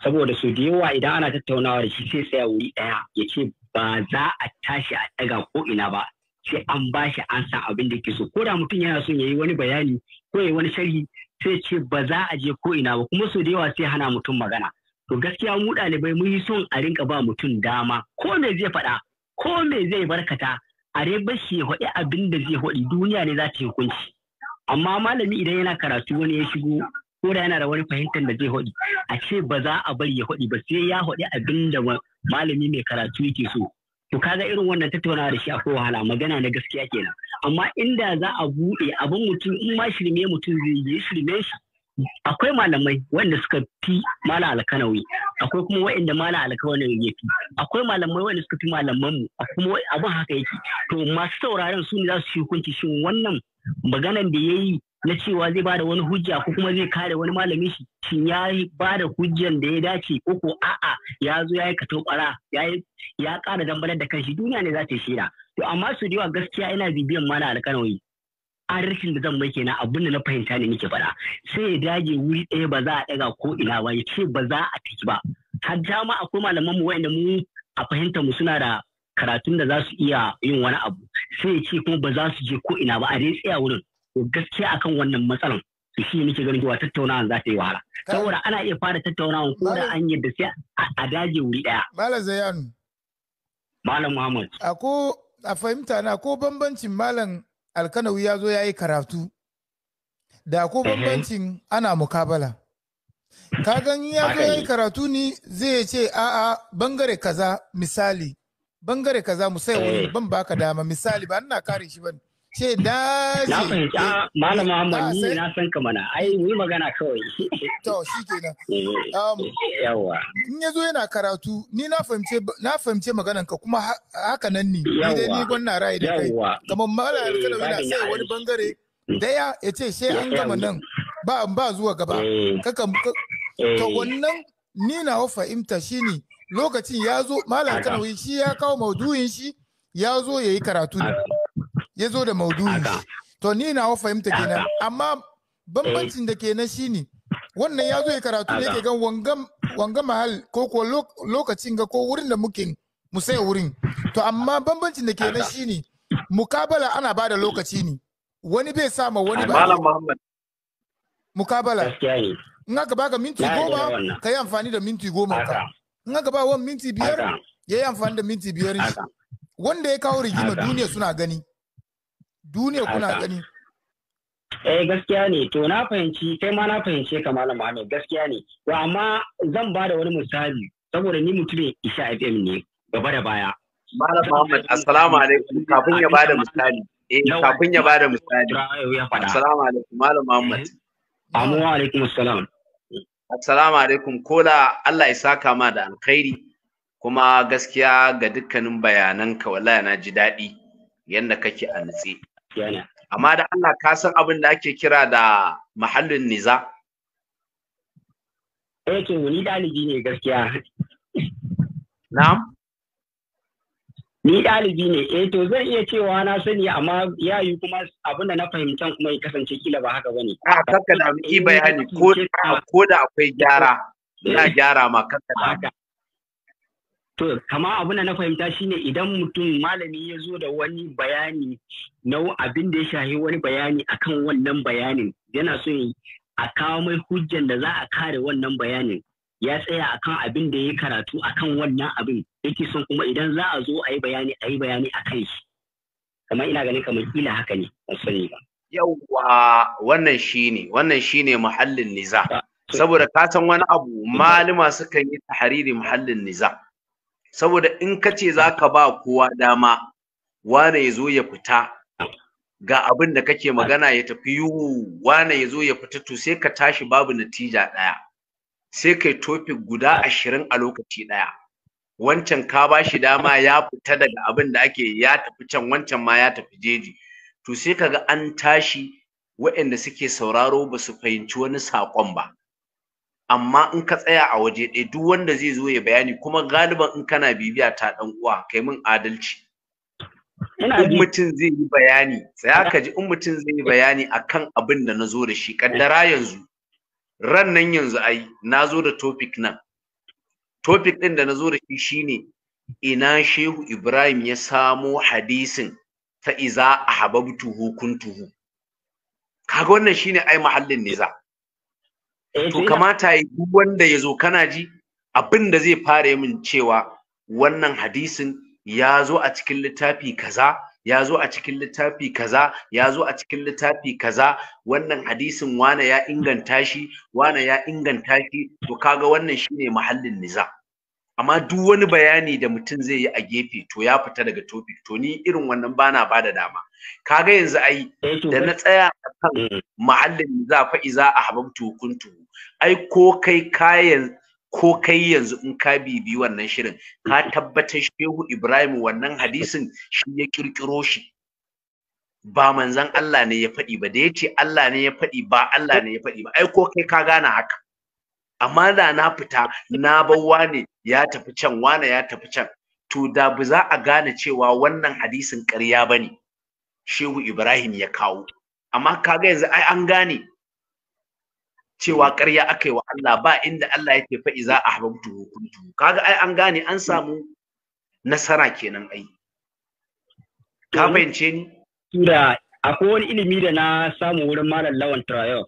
saboda su da yawa idan ana tattaunawa da shi sai tsaya wuri daya ya ce ba za a tashi a ɗaga ko ina ba sai an ba shi an san abin da ke so ko da mutum yana son ya yi wani bayani ko ya yi wani sharhi sai ce ba za a je ko ina ba kuma so da yawa sai hana mutum magana to gaskiya mu ɗalibai mun yi son a rinka ba mutum dama ko me zai faɗa ko me zai barkata a ba shi ya faɗi abin da zai faɗi duniya ne za ta yi hukunci amma malami idan yana karatu wani ya shigo ko da yana da wani fahimtar da zai faɗi a ce ba za a bari ya faɗi ba sai ya faɗi abin da malami mai karatu yake so to kaga irin wannan tattauna da shi akwai wahala magana na gaskiya kenan amma inda za a buɗe abin mutum in ma shirme mutum zai yi shirme shi akwai malamai wanda suka fi mala alkanawi akwai kuma wa'inda mala alkanawi ya fi akwai malamai wanda suka fi malaman mu kuma abin haka yake to masu sauraron su ne za su shi hukunci shin wannan maganan da ya yi na cewa zai bada wani hujja ko kuma zai kare wani malami shi shin ya bada hujjan da ya dace ko ko a'a ya zo ya yi katobara ya yi ya kara dambalar da kanshi duniya ne za ta shaida to amma su da yawa gaskiya ina bibiyan mala alkanawi adalcin da zan mai kenan abin da na fahimta ne nake faɗa sai ya dage wuri ɗaya ba za a ɗaga ko ina ba ya ce ba za a tafi ba har dama akwai malaman mu wa'anda mu a fahimta mu suna da karatun da za su iya yin wani abu sai ya ce kuma ba za su je ko ina ba a dai tsaya wurin gaskiya akan wannan matsalan shi nake ganin cewa tattaunawa za ta yi wahala saboda ana iya fara tattaunawa ko da an yadda sai a dage wuri ɗaya. Malam Zayanu. Malam Muhammad. Ako a fahimta na ko bambancin malam alkanawi ya zo ya yi karatu da ko mhm. bambancin ana mukabala Ka gan ya zo ya yi karatu ni zai ce a'a bangare kaza misali bangare kaza mu saya wani ban baka dama misali ba ina kare shi bane ce daji. Na fahimci Malam Muhammad ah, ni na san ka mana ai mu yi magana kawai. (laughs) To shi kenan. (laughs) Eh, um, Yawa. In ya zo yana karatu ni na fahimce na fahimce maganan ka kuma haka nan ne. Ni idan ni gwanna ra'ayi da kai. Kamar Malam Alkalo yana eh, sai wani bangare mm. daya ya ce sai an gama nan ba ba zuwa gaba. Eh. Kaka to wannan ni na fahimta shine lokacin ya zo Malam Alkalo shi ya kawo maudu'in shi ya zo ya yi karatu ne. ya zo da maudu'i to ni na fahimta kenan amma bambancin da kenan shine wannan ya zo ya karatu ne ke gan wanga mahal ko ko lokacin ga ko wurin da muke mu sai wurin to amma bambancin da kenan shine mukabala ana bada lokaci ne wani bai sama wani ba malam muhammad mukabala in aka baka minti goma ka yi amfani da minti goma ka in aka ba wani minti biyar ya yi amfani da minti biyar wanda ya kawo rigima duniya suna gani duniya kuna gani eh gaskiya ne to na fahimci kai ma na fahimce ka malam Ahmed gaskiya ne to amma zan ba da wani misali saboda ni mutum Isha FM ne gaba da baya malam Ahmed assalamu alaikum kafin ya bada misali eh kafin ya bada misali assalamu alaikum malam Ahmed amu ah, wa alaikum assalam assalamu alaikum kola Allah ya saka ma da alkhairi kuma gaskiya ga dukkanin bayananka wallahi na ji daɗi yanda kake a nutse amma da Allah ka san abin da ake kira da mahallin niza eh to ni dalibi ne gaskiya na'am ni dalibi ne eh to zan iya cewa na sani amma ya yi kuma abin da na fahimta kuma ya kasance kila ba haka bane a kakka da yi bayani ko da akwai gyara ina gyara ma kakka da To, kama abin da na fahimta shine idan mutum malami ya zo da wani bayani na abin da ya shahi wani bayani akan wannan bayanin yana so yi a kawo mai hujjan da za a kare wannan bayanin ya tsaya akan abin da ya karatu akan wannan abin yake son kuma idan za a zo a yi bayani a yi bayani a kan shi kamar ina ganin kamar kila haka ne ban sani ba yawwa wannan shine wannan shine muhallin niza ah, saboda ka san wani abu malama sukan yi tahariri muhallin niza saboda in ka ce za ka ba kowa dama wane ya zo ya fita ga abin da kake magana ya tafi yiwu, wane ya zo ya fita to sai ka tashi babu natija ɗaya sai kai topic guda ashirin a lokaci ɗaya wancan ka ba shi dama ya fita daga abin da ake ya tafi can wancan ma ya tafi jeji to sai kaga an tashi waɗanda suke sauraro ba su fahimci wani saƙon ba amma in ka tsaya a waje ɗaya duk wanda zai zo ya bayani kuma galiban in kana bibiya ta ɗan uwa kai min adalci in mutum zai yi bayani tsaya ka ji in mutum zai yi bayani akan abin da na zo da shi kaddara yanzu ran nan yanzu ai na zo da topic nan topic ɗin da na zo da shi shine ina shehu ibrahim ya samo hadisin ta iza kun kuntuhu kaga wannan shine ai mahallin niza Eh, to kamata yi duk wanda ya zo kana ji abin da zai fara min cewa wannan hadisin ya zo a cikin littafi kaza ya zo a cikin littafi kaza ya zo a cikin littafi kaza wannan hadisin wane ya inganta shi wane ya inganta shi to kaga wannan shine mahallin niza amma duk wani bayani da mutum zai yi a gefe to ya fita daga topic to ni irin wannan bana bada dama kaga yanzu ai eh da na tsaya kan ma'allin mm. za fa iza a hababtu kuntu ai ko kai kayan ko kai yanzu in ka bibi wannan shirin ka mm. tabbatar shehu ibrahim wannan hadisin shi ya kirkiro shi ba manzan Allah ne ya faɗi ba da ya Allah ne ya faɗi ba Allah ne ya faɗi ba ai ko kai ka gane haka amma da na fita na bar wane ya tafi can wane ya tafi can to da ba za a gane cewa wannan hadisin ƙarya ba ne shehu ibrahim ya kawo amma kaga yanzu ai an gane cewa ƙarya aka yi wa Allah ba inda Allah yake fa iza ahbabtu kuntu kaga ai an gane an samu nasara kenan ai ka fahimce ni tura akwai wani ilimi da na samu wurin malam lawan trayo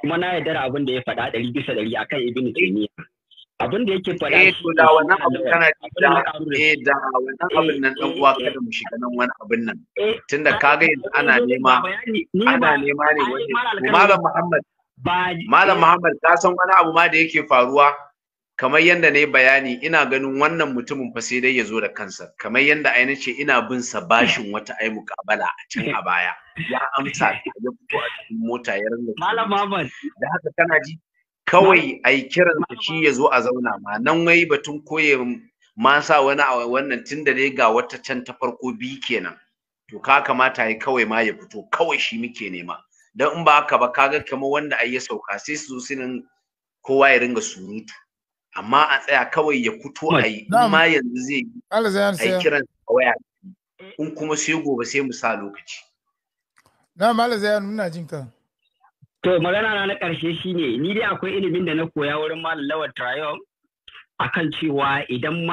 kuma na yarda da abin da ya faɗa ɗari bisa ɗari akan ibn taymiya abin da yake faɗa eh, shi to da wannan abin kana da eh da wannan abin nan dan uwa eh, kada mu shiga nan wani abin nan eh, tunda kaga yanzu ana nema ana nema ne wani malam Muhammad malam Muhammad ka san wani abu ma da yake faruwa kamar yanda ne bayani ina ganin wannan mutumin fa sai dai ya zo da kansa kamar yanda ai nace ina bin sa bashin wata ai mukabala a can a baya ya amsa (laughs) ya fito a cikin mota ya rinda malam Muhammad da haka kana ji kawai a yi kiransa shi ya zo a zauna ma nan wai batun koye ma sa wani a wannan tun da dai ga wata can ta farko bi kenan to ka kamata ya kawai ma ya fito kawai shi muke nema don in ba haka ba kaga kamar wanda ai ya sauka sai su sinin kowa ya ringa surutu amma a tsaya kawai ya fito a yi ma yanzu zai yi a kiran waya in kuma sai gobe sai mu sa lokaci na malaza ya nuna jinka To magana na na ƙarshe shine ni dai akwai ilimin da na koya wurin malam Lawal Trayon akan cewa idan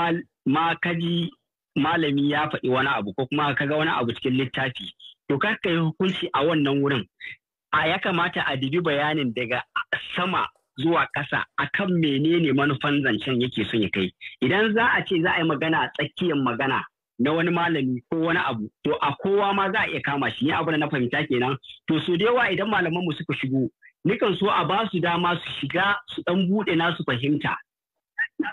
ma kaji malami ya faɗi wani abu ko kuma ka wani abu cikin littafi to ka yi hukunci a wannan wurin a ya kamata a dibi bayanin daga sama zuwa ƙasa akan menene manufan zancen yake son ya kai idan za a ce za a yi magana a tsakiyar magana na wani malami ko wani abu to a kowa ma za a iya kama shi ni abu na fahimta kenan to su da yawa idan malaman mu suka shigo nikan so a ba su dama su shiga su dan bude na su fahimta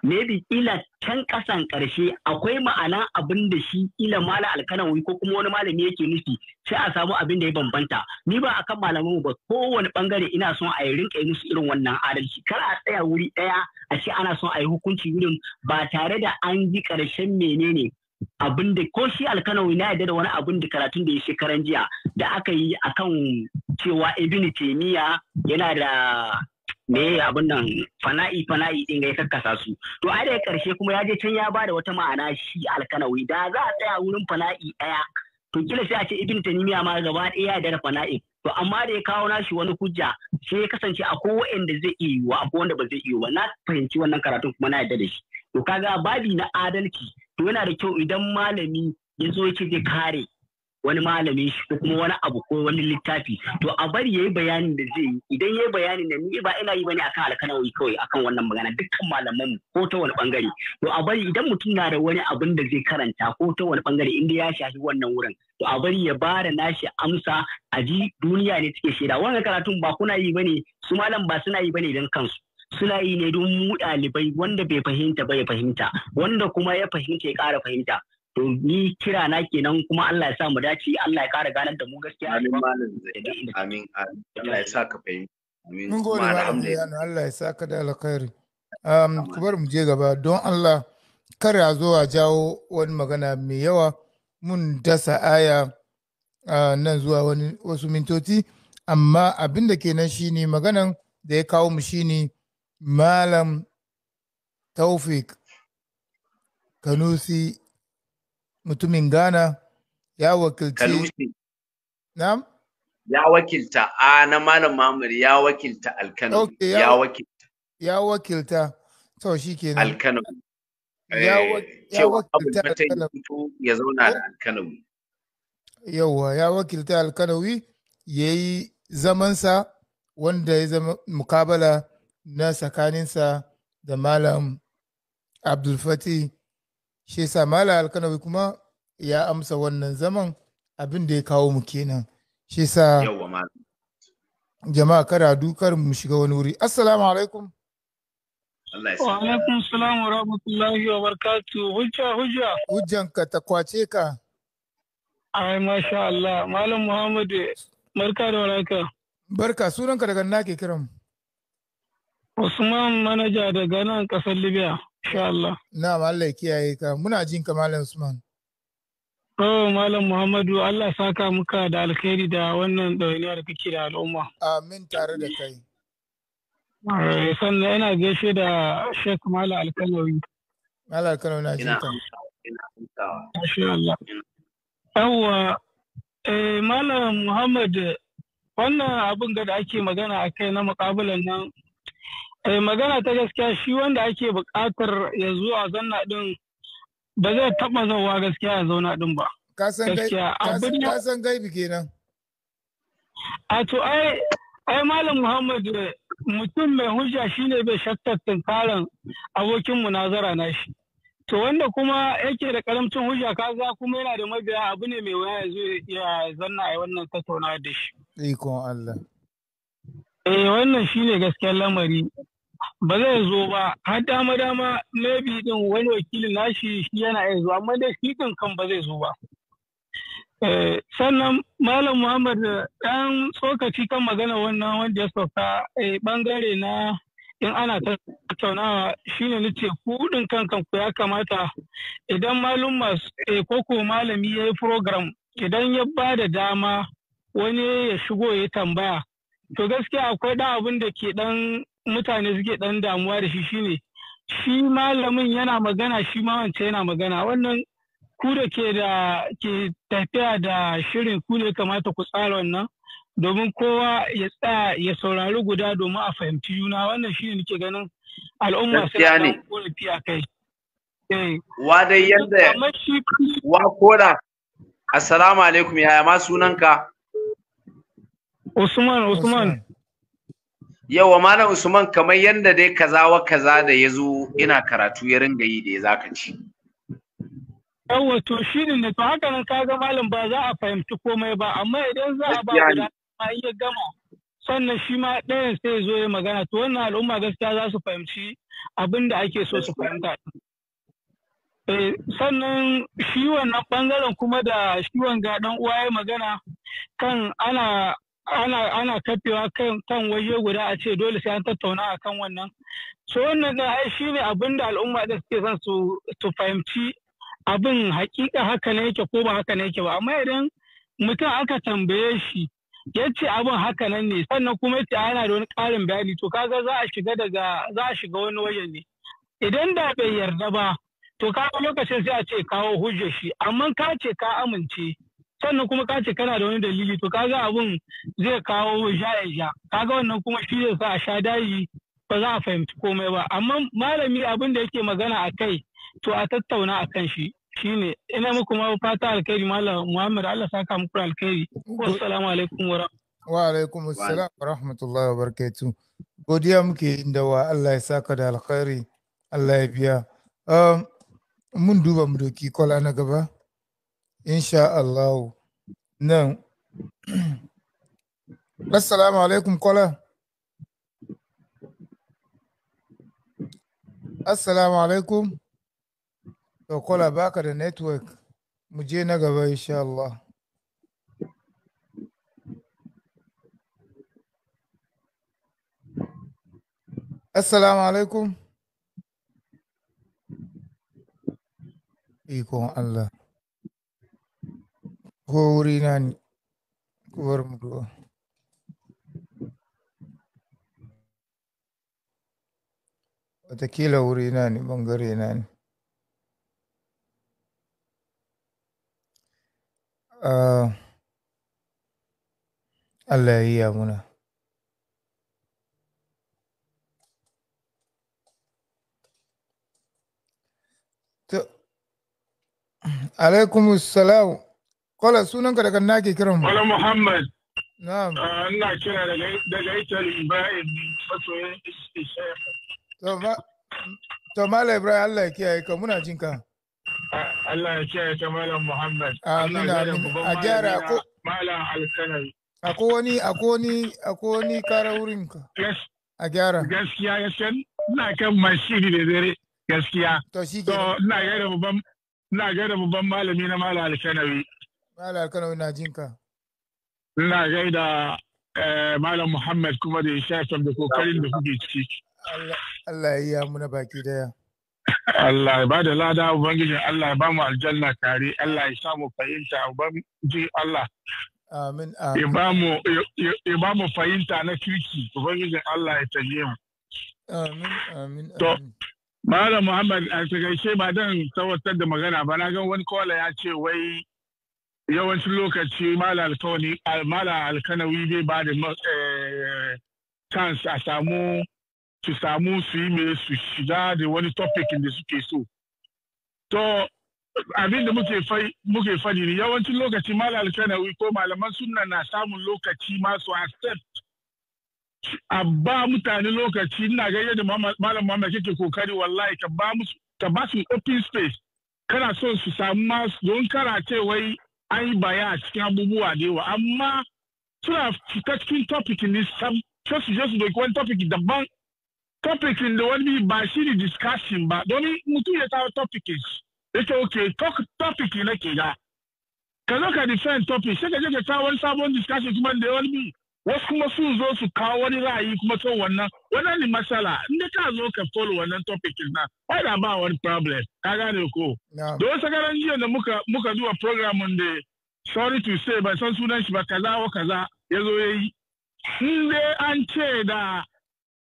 maybe kila can kasan karshe akwai ma'ana abin da shi kila mala alkanawi ko kuma wani malami yake nufi sai a samu abin da ya bambanta ni ba akan malaman ba kowane bangare ina son a yi rinka yi musu irin wannan adalci kar a tsaya wuri daya a ce ana son a yi hukunci wurin ba tare da an ji karshen menene abin da ko shi alkano na yadda da wani abin da karatun da ya shekaran jiya da aka yi akan cewa ibn taymiya yana da me abin nan fana'i fana'i din ya kakkasa su to ai daga karshe kuma ya je can ya bada wata ma'ana shi alkanawi da za a tsaya wurin fana'i daya to kila sai a ce ibn taymiya ma gaba daya da fana'i to amma da ya kawo nashi wani hujja sai ya kasance akwai wanda zai iya yiwa akwai wanda ba zai iya ba na fahimci wannan karatun kuma na yadda da shi to kaga babi na adalci to yana da kyau idan malami ya zo yake zai kare wani malamin shi ko kuma wani abu ko wani littafi to a bari yayi bayanin da zai yi idan yayi bayanin da ni ba ina yi bane akan alkanawi kawai akan wannan magana dukkan malaman ko ta wani bangare to a bari idan mutum na da wani abin da zai karanta ko ta wani bangare inda ya shafi wannan wurin to a bari ya bara nashi amsa a ji duniya ne take shaida wannan karatun ba kuna yi bane su malam ba suna yi bane don kansu suna yi ne don mu ɗalibai wanda bai fahimta ba ya fahimta wanda kuma ya fahimta ya ƙara fahimta to ni kira na kenan kuma Allah ya sa mu dace Allah ya ƙara ganar da mu gaskiya amin malam amin Allah ya sa ka fahimta amin mun gode Allah ya sa ka da alkhairi um ku bar mu je gaba don Allah kar ya zo a jawo wani magana mai yawa mun dasa aya nan zuwa wani wasu mintoci amma abin da kenan shine maganan da ya kawo mu shine Malam Taufik Kanusi mutumin Ghana ya wakilci. Na. Ya wakilta, a na Malam Mamur ya wakilta Alkano. Okay, ya, ya wakilta. Ya wakilta, to shi ke nan. Alkano. Ya eh, wakilta Alkano. Ya zauna da Alkano. Yawwa, ya wakilta Alkanawi ya yi zamansa wanda ya zama mukabala na tsakaninsa da malam abdulfati shi sa malam alkanawi kuma ya amsa wannan zaman abin da ya kawo mu kenan shi sa jama'a kada dukar mu shiga wani wuri assalamu alaikum wa alaikum salam wa rahmatullahi wa barkatu hujja hujja ka ta kwace ka ai masha Allah malam muhammadu barka da waraka barka sunanka daga nake kiran Usman manaja daga nan ƙasar Libya, insha Allah. Na Allah kiyaye ka, muna jin ka Malam Usman. Oh, Malam Muhammadu, Allah saka muka da alkhairi da wannan ɗawainiya da kake da al'umma. Amin tare da kai. Eh, sannan yana gaishe da Sheikh Malam Alkanawi. Malam Alkanawi na jin ka. Insha Allah. Yawwa, eh, Malam Muhammad, wannan abin da ake magana a kai na muƙabalan nan Eh, magana ta gaskiya shi wanda ake buƙatar ya zuwa zanna ɗin ba zai taɓa zauwa gaskiya ya zauna ɗin ba. Kasan gaibi kenan. A to ai ai Malam Muhammad eh, mutum mai hujja shine bai shakkar tunkarin abokin munazara na shi. To wanda kuma yake da karamcin hujja kaza kuma yana da mabiya abu ne mai waya zo ya zanna a wannan tattaunawa da shi. Ikon Allah. Eh wannan shine gaskiyar lamari. ba zai zo ba har dama dama maybe din wani wakilin nashi shi yana iya zuwa amma dai shi din kan ba zai zo ba eh, sannan malam muhammad dan tsokaci kan magana wannan wanda ya sauka bangare eh, na in ana tattaunawa shine na ce din kankan ku ya kamata idan malum masu koko eh, malami ya yi program idan ya ba da dama wani ya shigo ya tambaya to gaskiya akwai ɗan abin da ke ɗan mutane suke ɗan damuwa da shi shine shi malamin yana magana shi ma wance yana magana wannan ku da ke da ke tafiya da shirin ku ne kamata ku tsara wannan domin kowa ya tsaya ya saurari guda domin a fahimci juna wannan shi ne nake ganin al'umma sai ne korafi a kai eh. wa dai yanda wa kora assalamu alaikum yaya ma sunanka Usman Usman Yau, wa malam usman kamar yadda dai kaza wa kaza da ya zo ina karatu ya ringa yi da ya zaka ci yawa to shi ne to haka nan ka ga malam ba za a fahimci komai ba amma idan za a ba da ma iya gama sannan shi ma ɗayan sai zo ya magana to wannan al'umma gaskiya za su fahimci abin da ake so su fahimta eh, sannan shi wannan ɓangaren kuma da shi wanga ɗan uwa ya magana kan ana ana ana kafewa kan kan waje guda a ce dole sai an tattauna a kan wannan so wannan da ai shine abin da al'umma da suke son su su fahimci abin hakika haka ne yake ko ba haka ne yake ba amma idan mutum aka tambaye shi ya ce abin haka nan ne sannan kuma ya ce yana da wani ƙarin bayani to kaga za a shiga daga za a shiga wani waje ne idan da bai yarda ba to kaga lokacin sai a ce kawo hujjar shi amma ka ce ka amince sannan kuma ka ce kana da wani dalili to kaga abun zai kawo ja ya ja kaga wannan kuma shi zai sa a sha daji ba za a fahimci komai ba amma malami abin da yake magana a kai to a tattauna a kan shi shine ina muku ma fata alkhairi malam muhammad allah saka muku alkhairi assalamu alaikum wa wa alaikum assalam wa rahmatullahi wa barakatu godiya muke inda wa allah ya saka da alkhairi allah ya biya um, mun duba mu doki kwala na gaba insha Allah nan (clears throat) assalamu alaikum kola assalamu alaikum to kola baka da network mu je na gaba insha Allah assalamu alaikum ikon Allah ووريناني كورمدو وتكيلا وريناني بانغريناني آه. الله هي منا عليكم السلام Kola sunanka daga na ke kiran mu. Kola Muhammad. Na'am. Ah, ina kira daga Italy Ibrahim masoyin Ishaqa. To ba to Malam Ibrahim Allah ya kiyaye ka muna jin ka. Ah, Allah ya kiyaye ka Malam Muhammad. Amin amin. A gyara ko Malam Alkanari. Ako wani ako wani ako wani kara wurin ka. A gyara. Gaskiya gaskiya ina kan mashini da dare gaskiya. To shi ke. To ina gaida babban ina gaida babban malami na Malam Alkanar. Malam Alkano ina jin ka. Ina gaida eh, Malam Muhammad kuma da Ishafan da kokarin da kuke ciki. Allah ya yi muna baki daya. Allah ya bada lada Ubangijin Allah ya ba mu aljanna kare Allah ya samu fahimta Ubangiji Allah. Amin. Ya ba mu fahimta na kirki Ubangijin Allah ya taje mu. Amin. Amin. To, Malam Muhammad a takaice ba dan tawatar da magana ba na gan wani kola ya ce wai yawancin lokaci mala alkawani mala alkanawi bai ba da eh, chance a samu su samu su yi mai su shiga da wani topic da suke so to abin da muke fadi ne yawancin lokaci mala alkanawi ko malaman suna na samun lokaci masu accept a ba mutane lokaci ina ga yadda malam Muhammad kake kokari wallahi ka ba su open space kana son su samu masu don kara ce wai an baya a cikin abubuwa da yawa amma suna fita cikin topikin ne sab sai su je su wani topic daban topikin da wani ba shi ne discussion ba domin mutum ya kawo topikin ya ce ok topic na ke ga ka zo ka defend topic sai ka je ka tawo wani sabon discussion kuma da wani wasu kuma sun zo su kawo wani ra'ayi kuma kan wannan wannan ne matsala in da ka zo ka follow wannan topic na ba da ba wani problem ka gane ko da wasu garan jiya da muka muka duba program da sorry to say ban san sunan shi ba kaza wa kaza ya zo ya yi in dai an ce da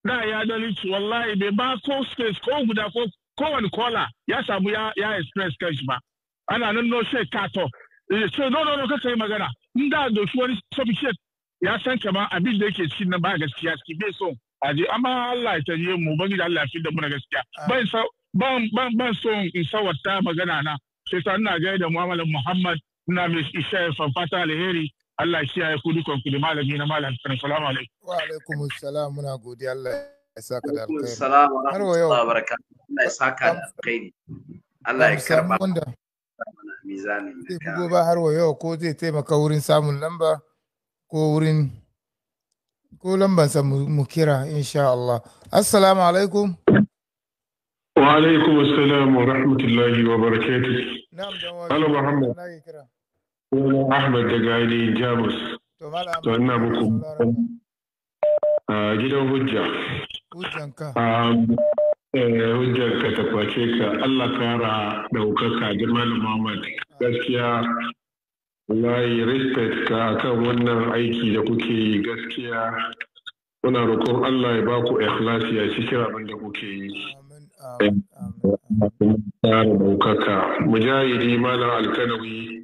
da ya dalici wallahi bai ba ko space ko guda ko kowane kola ya samu ya ya express kanshi ba ana nan no kato eh, sai no no no kaka yi magana in da doki wani sabi ya san kama abin da yake cikin na ba gaskiya ciki bai so a je amma Allah ya tare mu ban ubangiji Allah ya da mu na gaskiya ban ban ban ban so in sawarta magana na sai sa ina ga da Muhammad Muhammad ina mai isha fata alheri Allah ya kiyaye ku dukan ku da malami na malam assalamu alaikum wa alaikum assalam muna godiya Allah ya saka da alkhairi assalamu alaikum wa barakatuh Allah ya saka da alkhairi Allah ya karba mizanin ka ba har wa yau ko zai taimaka wurin samun lamba ko wurin ko lambansa mu kira insha Allah. Assalamu alaikum. Wa alaikum assalam wa rahmatullahi wa barakatuh. Malam Muhammad. Ahmad daga ainihin Jamus. To ina muku. Gidan hujja. Hujjanka. Eh, ka ta face ka Allah kara daukaka ga Malam Muhammad. Gaskiya wallahi respect ka kan wannan aiki da kuke yi gaskiya kuna roƙon Allah ya baku ikhlasi a cikin abin da kuke yi mujahidi malam alkanawi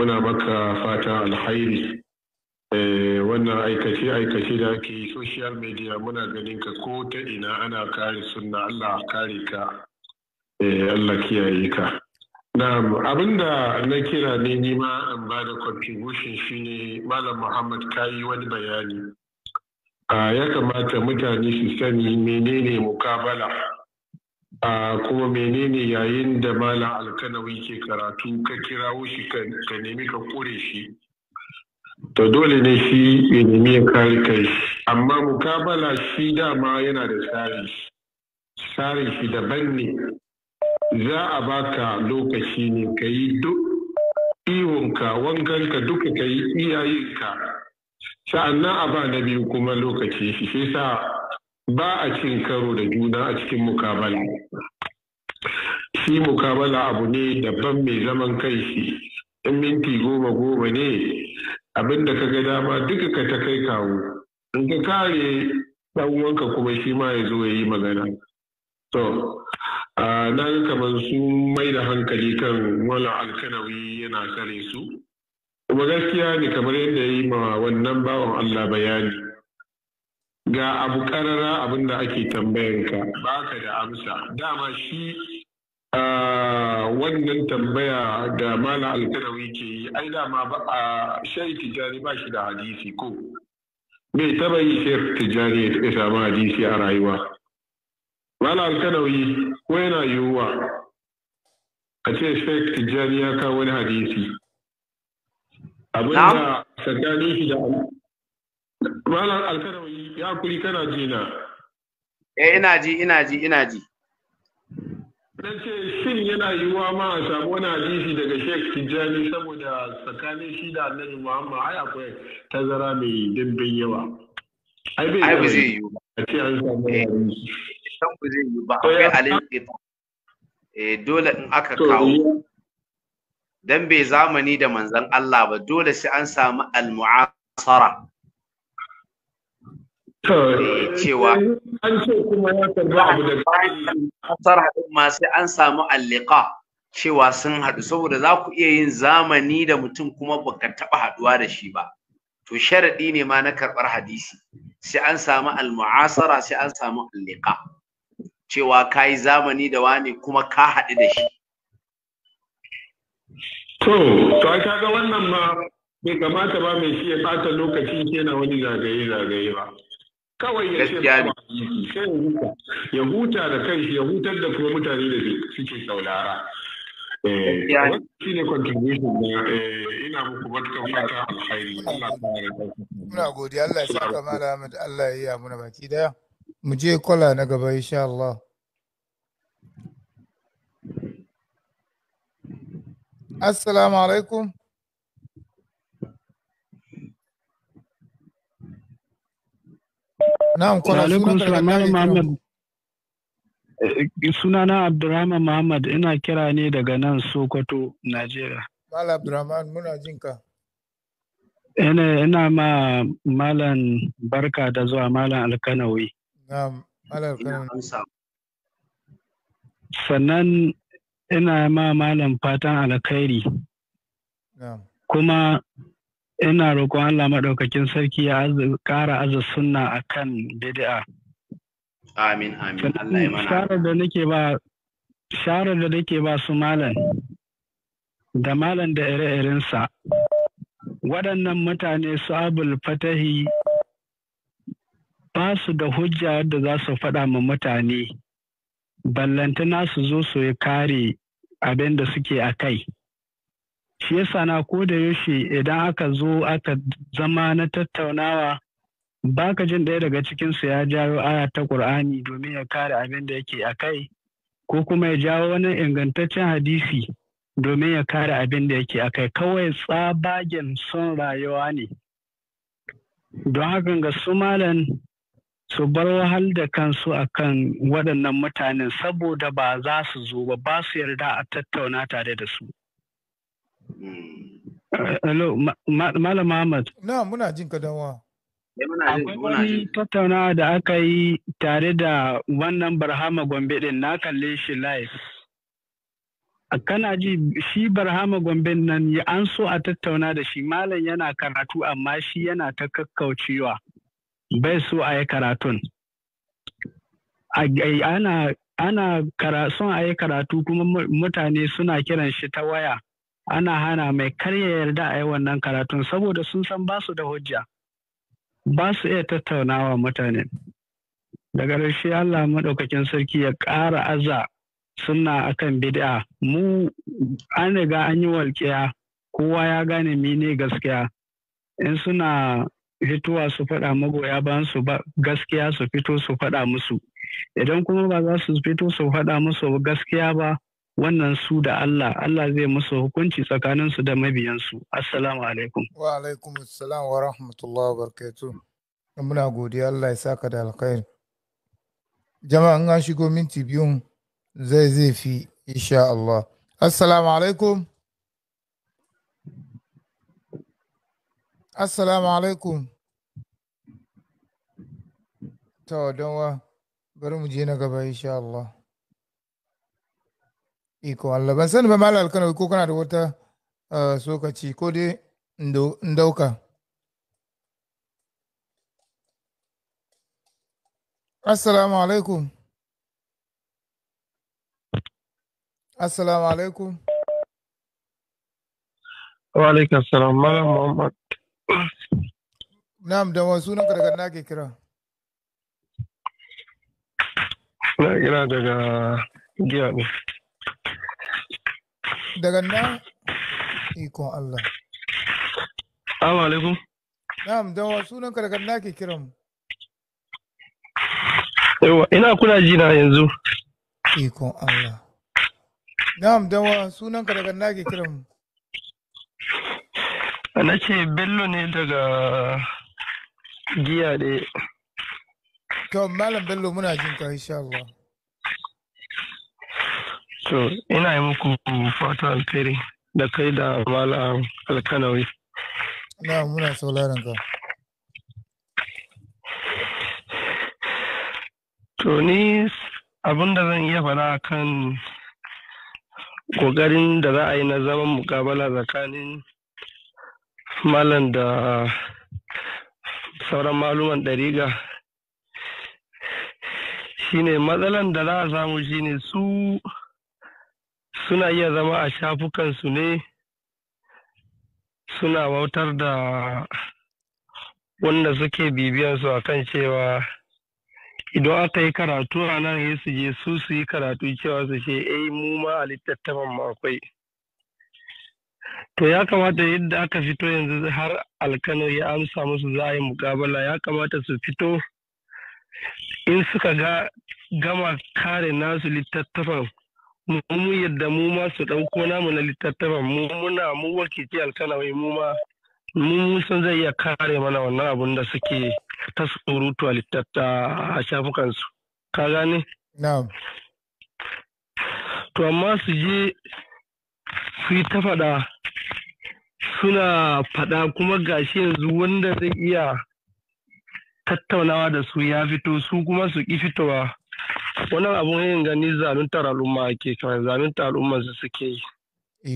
muna baka fata alhairi eh, wannan aikace aikace da ake yi social media muna ganin ka ko ta ina ana kare sunna Allah kare ka eh, Allah kiyaye ka Na'am abinda na kira ne nima in ba da contribution shine Malam Muhammad kayi wani bayani. ya kamata mutane su sani menene mukabala kuma menene yayin da Malam Alkanawi ke karatu ka kirawo shi ka nemi ka kure shi. To dole ne shi ya nemi ya kare kai amma mukabala shi dama yana da tsari. Tsarin shi daban ne za a baka lokaci ne ka yi duk iwonka wanganka duka ka yi iyayenka sa'annan a ba na biyu kuma lokaci shi shi sa ba a cin karo da juna a cikin mukabala shi mukabala abu ne daban mai zaman kai shi in minti goma goma ne abinda ka ga dama duka ka ta kai kawo in ka kare ɗan wanka kuma shi ma ya zo ya yi magana na ga kamar su mai da hankali kan wala alkanawi yana kare su kuma gaskiya ne kamar yadda ya yi ma wannan bawan Allah bayani ga abu karara abin da ake tambayanka ka da amsa dama shi wannan tambaya da mala alkanawi ke yi ai dama ba a shai tijari ba shi da hadisi ko bai taba yi shai tijari ya samu hadisi a rayuwa Mala alkanawi ko yana yiwuwa a ce Sheikh Tijjani ya kawo wani hadisi. Abin da tsakanin shi da Mala alkanawi ya kuri kana jina. Eh ina ji ina ji ina ji. na ce shin yana yiwuwa ma a samu wani hadisi daga sheikh tijjani saboda tsakanin shi da annabi muhammad ai akwai tazara mai dimbin yawa ai bai yiwu a ce an samu eh. hadisi san ku zai yi ba akwai alinqita eh dole in aka kawo dan bai zamani da manzon Allah ba dole sai an samu al-mu'asara eh, cewa an ce kuma ya tarba abu da asar ma sai an samu alliqa cewa sun haɗu saboda za ku iya yin zamani da mutum kuma baka taɓa haɗuwa da shi ba to sharaɗi ne ma na karɓar hadisi sai an samu almu'asara sai an samu alliqa cewa ka yi zamani da wani kuma ka haɗu da shi to to a kaga wannan ma bai kamata ba mai shi ya ɓata lokaci kenan wani zagaye zagaye ba kawai ya ce ya huta da kanshi ya hutar da kuma mutane da suke saulara eh, shi ne contribution eh, ina alkhairi Allah muna godiya Allah ya saka mala Ahmad Allah ya yi muna baki daya mu je kwala na gaba insha Allah assalamu alaikum na'am kuna Suna eh, sunana Abdurrahman Muhammad ina kira ne daga nan Sokoto, Najeriya. Malam Abdurrahman muna jin ka. Ina ma malam barka da zuwa malam Alkanawi. sannan ina ma malam fatan alkhairi kuma ina roƙon Allah maɗaukakin sarki ya ƙara aza sunna kan bid'a amin amin Allah sharar da nake ba sharar da nake ba su malam da malam da ire-irensa waɗannan mutane su abul fatahi ba su da hujja da za su faɗa ma mutane ballantana su zo su kare abin da suke a kai. Shi yasa na ko da yaushe idan aka zo aka zama na tattaunawa ba ka jin ɗaya daga cikinsu ya jawo aya ta ƙur'ani domin ya kare abin da yake a kai ko kuma ya jawo wani ingantaccen hadisi domin ya kare abin da yake a kai kawai tsabagen son rayuwa ne. Don hakan ga su malam su bar wahal da kansu akan waɗannan mutanen saboda ba za su zo ba ba su yarda a tattauna tare da su. Hmm. Hello, Malam Ahmad. Na muna jin ka dawa. Eh, Akwai tattauna da aka yi tare da wannan Barhama Gombe ɗin na kalle shi live. kana ji shi barhama gombe nan an so a tattauna da shi malam yana karatu amma shi yana ta kakkaucewa bai so a yi karatun ana ana a yi karatu kuma mutane suna kiran shi ta waya ana hana mai karya yarda a yi wannan karatun saboda sun san ba su da hujja ba su iya tattaunawa mutane daga rashi Allah maɗaukakin sarki ya ƙara aza suna akan bid'a mu an riga an yi walƙiya kowa ya gane mene gaskiya in suna fitowa su faɗa magoya bayan su ba gaskiya su fito su faɗa musu idan kuma ba za su fito su faɗa musu gaskiya ba wannan su da Allah Allah zai musu hukunci tsakanin su da mabiyansu assalamu alaikum wa alaikum assalam wa rahmatullahi wa barakatuh muna godiya Allah ya saka da alkhair jama'a in an shigo minti biyun zai zai fi insha Allah assalamu alaikum Assalamu alaikum. To, don wa bari mu je na gaba insha Allah. Iko Allah, ban sani ba malar alkanar ko kana da wata eh, sokaci ko dai ndauka. Assalamu alaikum. Assalamu alaikum. Wa alaikum salam, Malam Muhammad. Na'am da wasu sunan daga na ke kira. Na kira daga giya ne. Daga na ikon Allah. Awa alaikum. Na'am da wasu sunan daga na ke kira mu. Yawa ina kuna ji na yanzu. Ikon Allah. Na'am da wa sunan ka na ke kira mu. Na ce Bello ne daga giya ɗaya to malam bello muna jin ka insha Allah to ina yi muku fata alheri da kai da malam alkanawi na muna sauraron ka to ni abin da zan iya faɗa kan ƙoƙarin da za a yi na zaman mukabala tsakanin malam da sauran maluman ɗariga shine matsalan da za a samu shine su suna iya zama a shafukansu ne suna wautar da wanda suke bibiyansu a kan cewa idan aka yi karatu a nan ya su je su su yi karatu cewa su ce eh mu ma a littattafan mu akwai to ya kamata yadda aka fito yanzu har alkano ya amsa musu za a yi mukabala ya kamata su fito in suka ga gama kare nasu littattafan mu yadda mu ma su ɗauko namu na littattafan mu muna mu wakilci mai mu ma mu sun zai iya kare mana wannan abun da suke ta surutu a littatta a shafukansu ka gane? to amma su je su yi ta faɗa suna faɗa kuma gashi yanzu wanda zai iya tattaunawa da su ya fito su kuma su ki fitowa wannan abun yin gani zaluntar al'umma ake kawai zaluntar al'umma su suke yi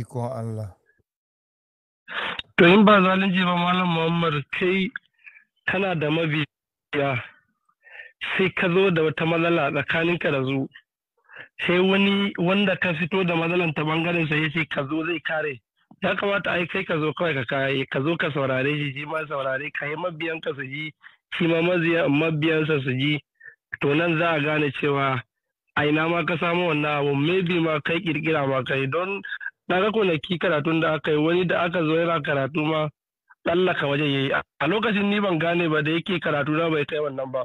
Iko Allah to in ba zalunci ba malam Muhammad kai kana da mabiya sai ka zo da wata matsala tsakaninka da zu sai wani wanda ka fito da matsalan ta bangaren sa ce ka zo zai kare ya kamata ai kai ka zo kawai ka kayi ka zo ka saurare shi shi ma saurare ka yi mabiyan ka su ji shi ma sa su ji to nan za a gane cewa a ina ma ka samu wannan abu maybe ma kai kirkira ma kai don na ga ki karatun da aka yi wani da aka zo yana karatu ma tsallaka wajen yayi a lokacin ni ban gane ba da yake karatu na bai kai wannan ba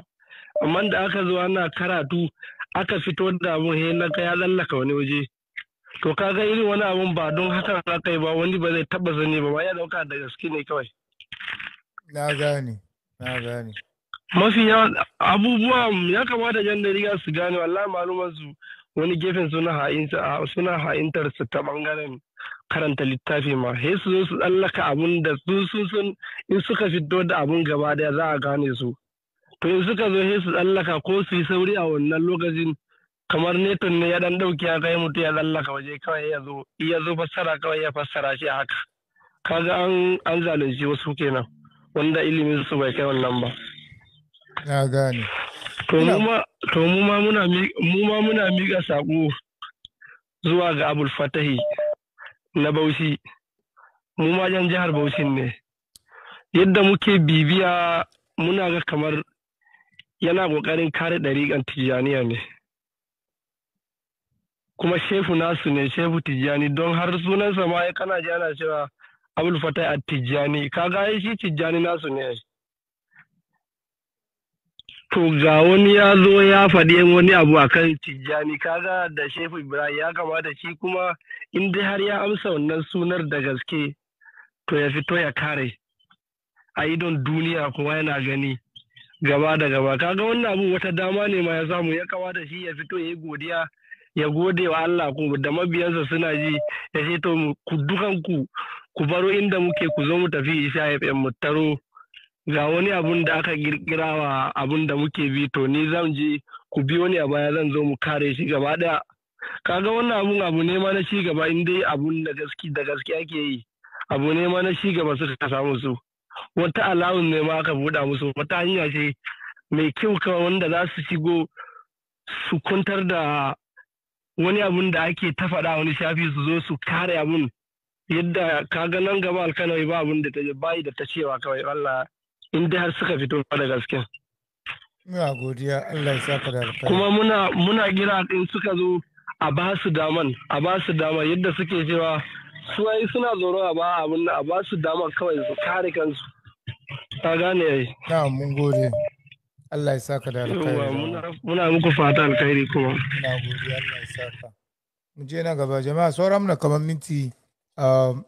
amma da aka zo ana karatu aka fito da abun he na ya tsallaka wani waje to kaga irin wani abun ba don haka aka yi ba wani ba zai taba zane ba ba ya dauka da gaske ne kawai na gane na gane mafi yawan abubuwa ya kamata jan da riga su gane wallahi malumar su wani gefen suna ha'inta ha'intar su ta bangaren karanta littafi ma he su zo su tsallaka abun da su sun sun in suka fito da abun gaba daya za a gane su to in suka zo he su tsallaka ko su yi sauri a wannan lokacin kamar neton ne ya dan dauki ya kai mutu ya lallaka waje kawai ya zo ya zo fassara kawai ya fassara shi haka kaga an an zalunci wasu kenan wanda ilimin su bai kai wannan ba ya gane to mu ma muna mu ma muna mika sako zuwa ga Abul Fatahi na Bauchi mu ma jan jihar Bauchi ne yadda muke bibiya muna ga kamar yana kokarin kare dariƙan Tijjaniya ne kuma shefu nasu ne shefu tijjani don har sunansa ma ya kana ji ana cewa abul fatai a tijjani kaga ga shi tijjani nasu ne to ga wani ya zo ya faɗi wani abu akan tijjani kaga da shefu ibrahim ya kamata shi kuma in dai har ya amsa wannan sunar da gaske to ya fito ya kare a idon duniya kuma yana gani gaba da gaba kaga wannan abu wata dama ne ma ya samu ya kamata shi ya fito ya yi godiya ya gode wa Allah ku da mabiyansa suna ji ya ce to ku dukanku ku baro inda muke ku zo mu tafi Isha ya mu taro ga wani abun da aka kirkira wa abun da muke bi to ni zan je ku biyo ni a baya zan zo mu kare shi gaba daya kaga wannan abun abu ne ma na ci gaba in dai abun da gaske da gaske ake yi abu ne ma na ci gaba ta samu su wata alawun ne ma aka buɗa musu wata hanya ce mai kyau kawai wanda za su shigo su kuntar da wani abun da ake ta faɗa wani shafi su zo su kare abun yadda kaga nan gaba alkanawai ba abun da ta bayi da ta cewa kawai Allah in dai har suka fito da gaske. Muna godiya Allah ya saka da alkhairi. Kuma muna muna kira in suka zo a ba su daman a ba su daman yadda suke cewa su ai suna zoro a ba abun a ba su daman kawai su kare kansu. Ta gane yayi. Na mun gode. Allah ya saka da alkhairi. Yawwa Muna muku fata alkhairi kuma. Muna godiya Allah ya saka. Mu je na gaba jama'a saura muna kamar minti um,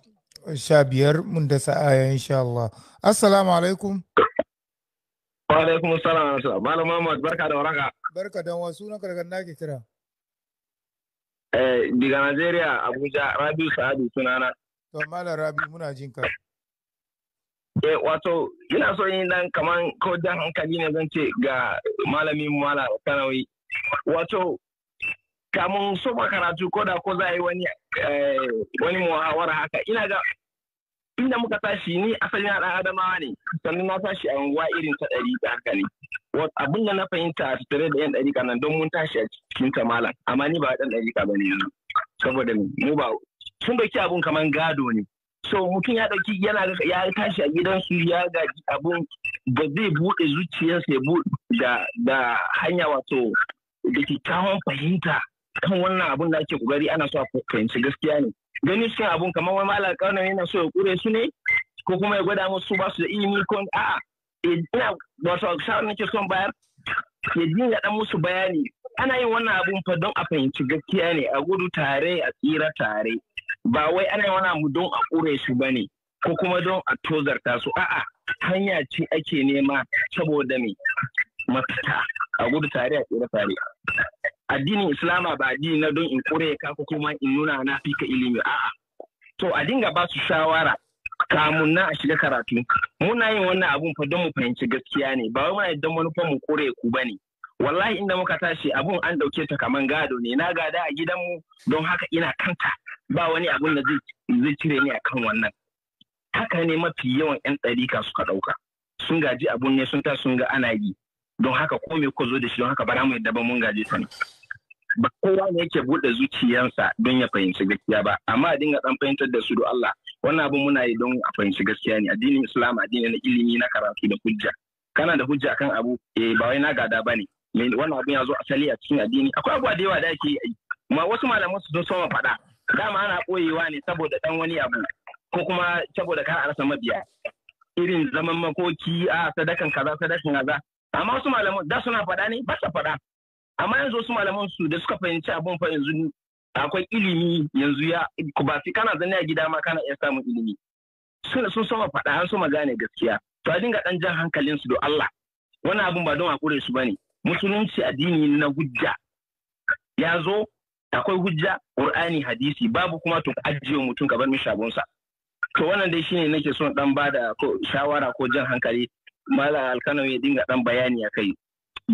sha biyar mun da sa'aya insha Allah. Assalamu alaikum. Wa alaikum assalam Malam Muhammad barka da waraka. Barka da wasu na karkar nake kira. Eh diga Najeriya Abuja Rabiu Sa'adu sunana. To Malam Rabiu muna jinka. ka. Eh, wato ina so yin dan kaman ko jan hankali ne zan ce ga malamin mala kanawi wato kamun so karatu ko da ko za a yi wani eh, wani muhawara haka ina ga inda muka tashi ni asali na dan adamawa ne sannan na tashi a unguwa irin ta ɗari da haka ne abin da na fahimta a tattare da yan ɗari nan don mun tashi a cikin ta malam amma ni ba dan ɗari ba ne yanzu saboda mu ba sun doki abun kaman gado ne so mutum ya ɗauki yana ya tashi a gidansu ya gaji abun ba zai buɗe zuciyarsa ya da da hanya wato da kyakkyawan fahimta kan wannan abun da ake kokari ana so a fahimci gaskiya ne gani suke abun kamar wani malar kaunar yana so ya kure su ne ko kuma ya gwada musu ba su da ilimi ko a'a eh, ina wato shawar nake son bayar ya dinga dan musu bayani ana yin wannan abun fa don a fahimci gaskiya ne a gudu tare a tsira tare ba wai ana wana mu don a ƙure su ba ne ko kuma don a tozarta su a'a hanya ce ake nema saboda me mafita a gudu tare a tsere tare addinin islama ba addini na don in ƙure ka ko kuma in nuna na fika ilimi a'a to a dinga ba su shawara kamun na a shiga karatu muna yin wannan abun fa don mu fahimci gaskiya ne ba wai muna don manufan mu ƙure ku ba ne wallahi inda muka tashi abun an dauke ta kaman gado ne na gada a gidanmu don haka ina kanta ba wani abun da zai cire ni akan wannan haka ne mafi yawan yan ɗarika suka ɗauka sun gaji abun ne sun ta sun ga ana yi don haka ko me ko zo da shi don haka bara mu yadda ba mun gaje ta ne ba kowa ne yake buɗe zuciyansa don ya fahimci gaskiya ba amma a dinga ɗan fahimtar da su do Allah wannan abun muna yi don a fahimci gaskiya ne addinin Islam addini na ilimi na karatu da hujja kana da hujja kan abu eh ba wai na gada bane wannan abin ya zo asali a cikin addini akwai abubuwa da yawa da ake yi ma wasu malaman su sun soma faɗa dama ana ɓoyewa ne saboda ɗan wani abu ko kuma saboda kar a rasa mabiya irin zaman makoki a sadakan kaza sadakan kaza amma wasu malaman da suna faɗa ne ba su faɗa amma yanzu wasu malaman su da suka fahimci abun fa yanzu akwai ilimi yanzu ya ba fi kana zanne a gida ma kana iya samun ilimi sun sun soma faɗa an soma gane gaskiya to a dinga ɗan jan hankalin su do Allah wannan abun ba don kure su bane musulunci addini na hujja ya zo akwai hujja qur'ani hadisi babu kuma to ajiye mutum ka bar mi shagonsa to wannan dai shine nake son dan bada ko shawara ko jan hankali mala alkano ya dinga dan bayani a kai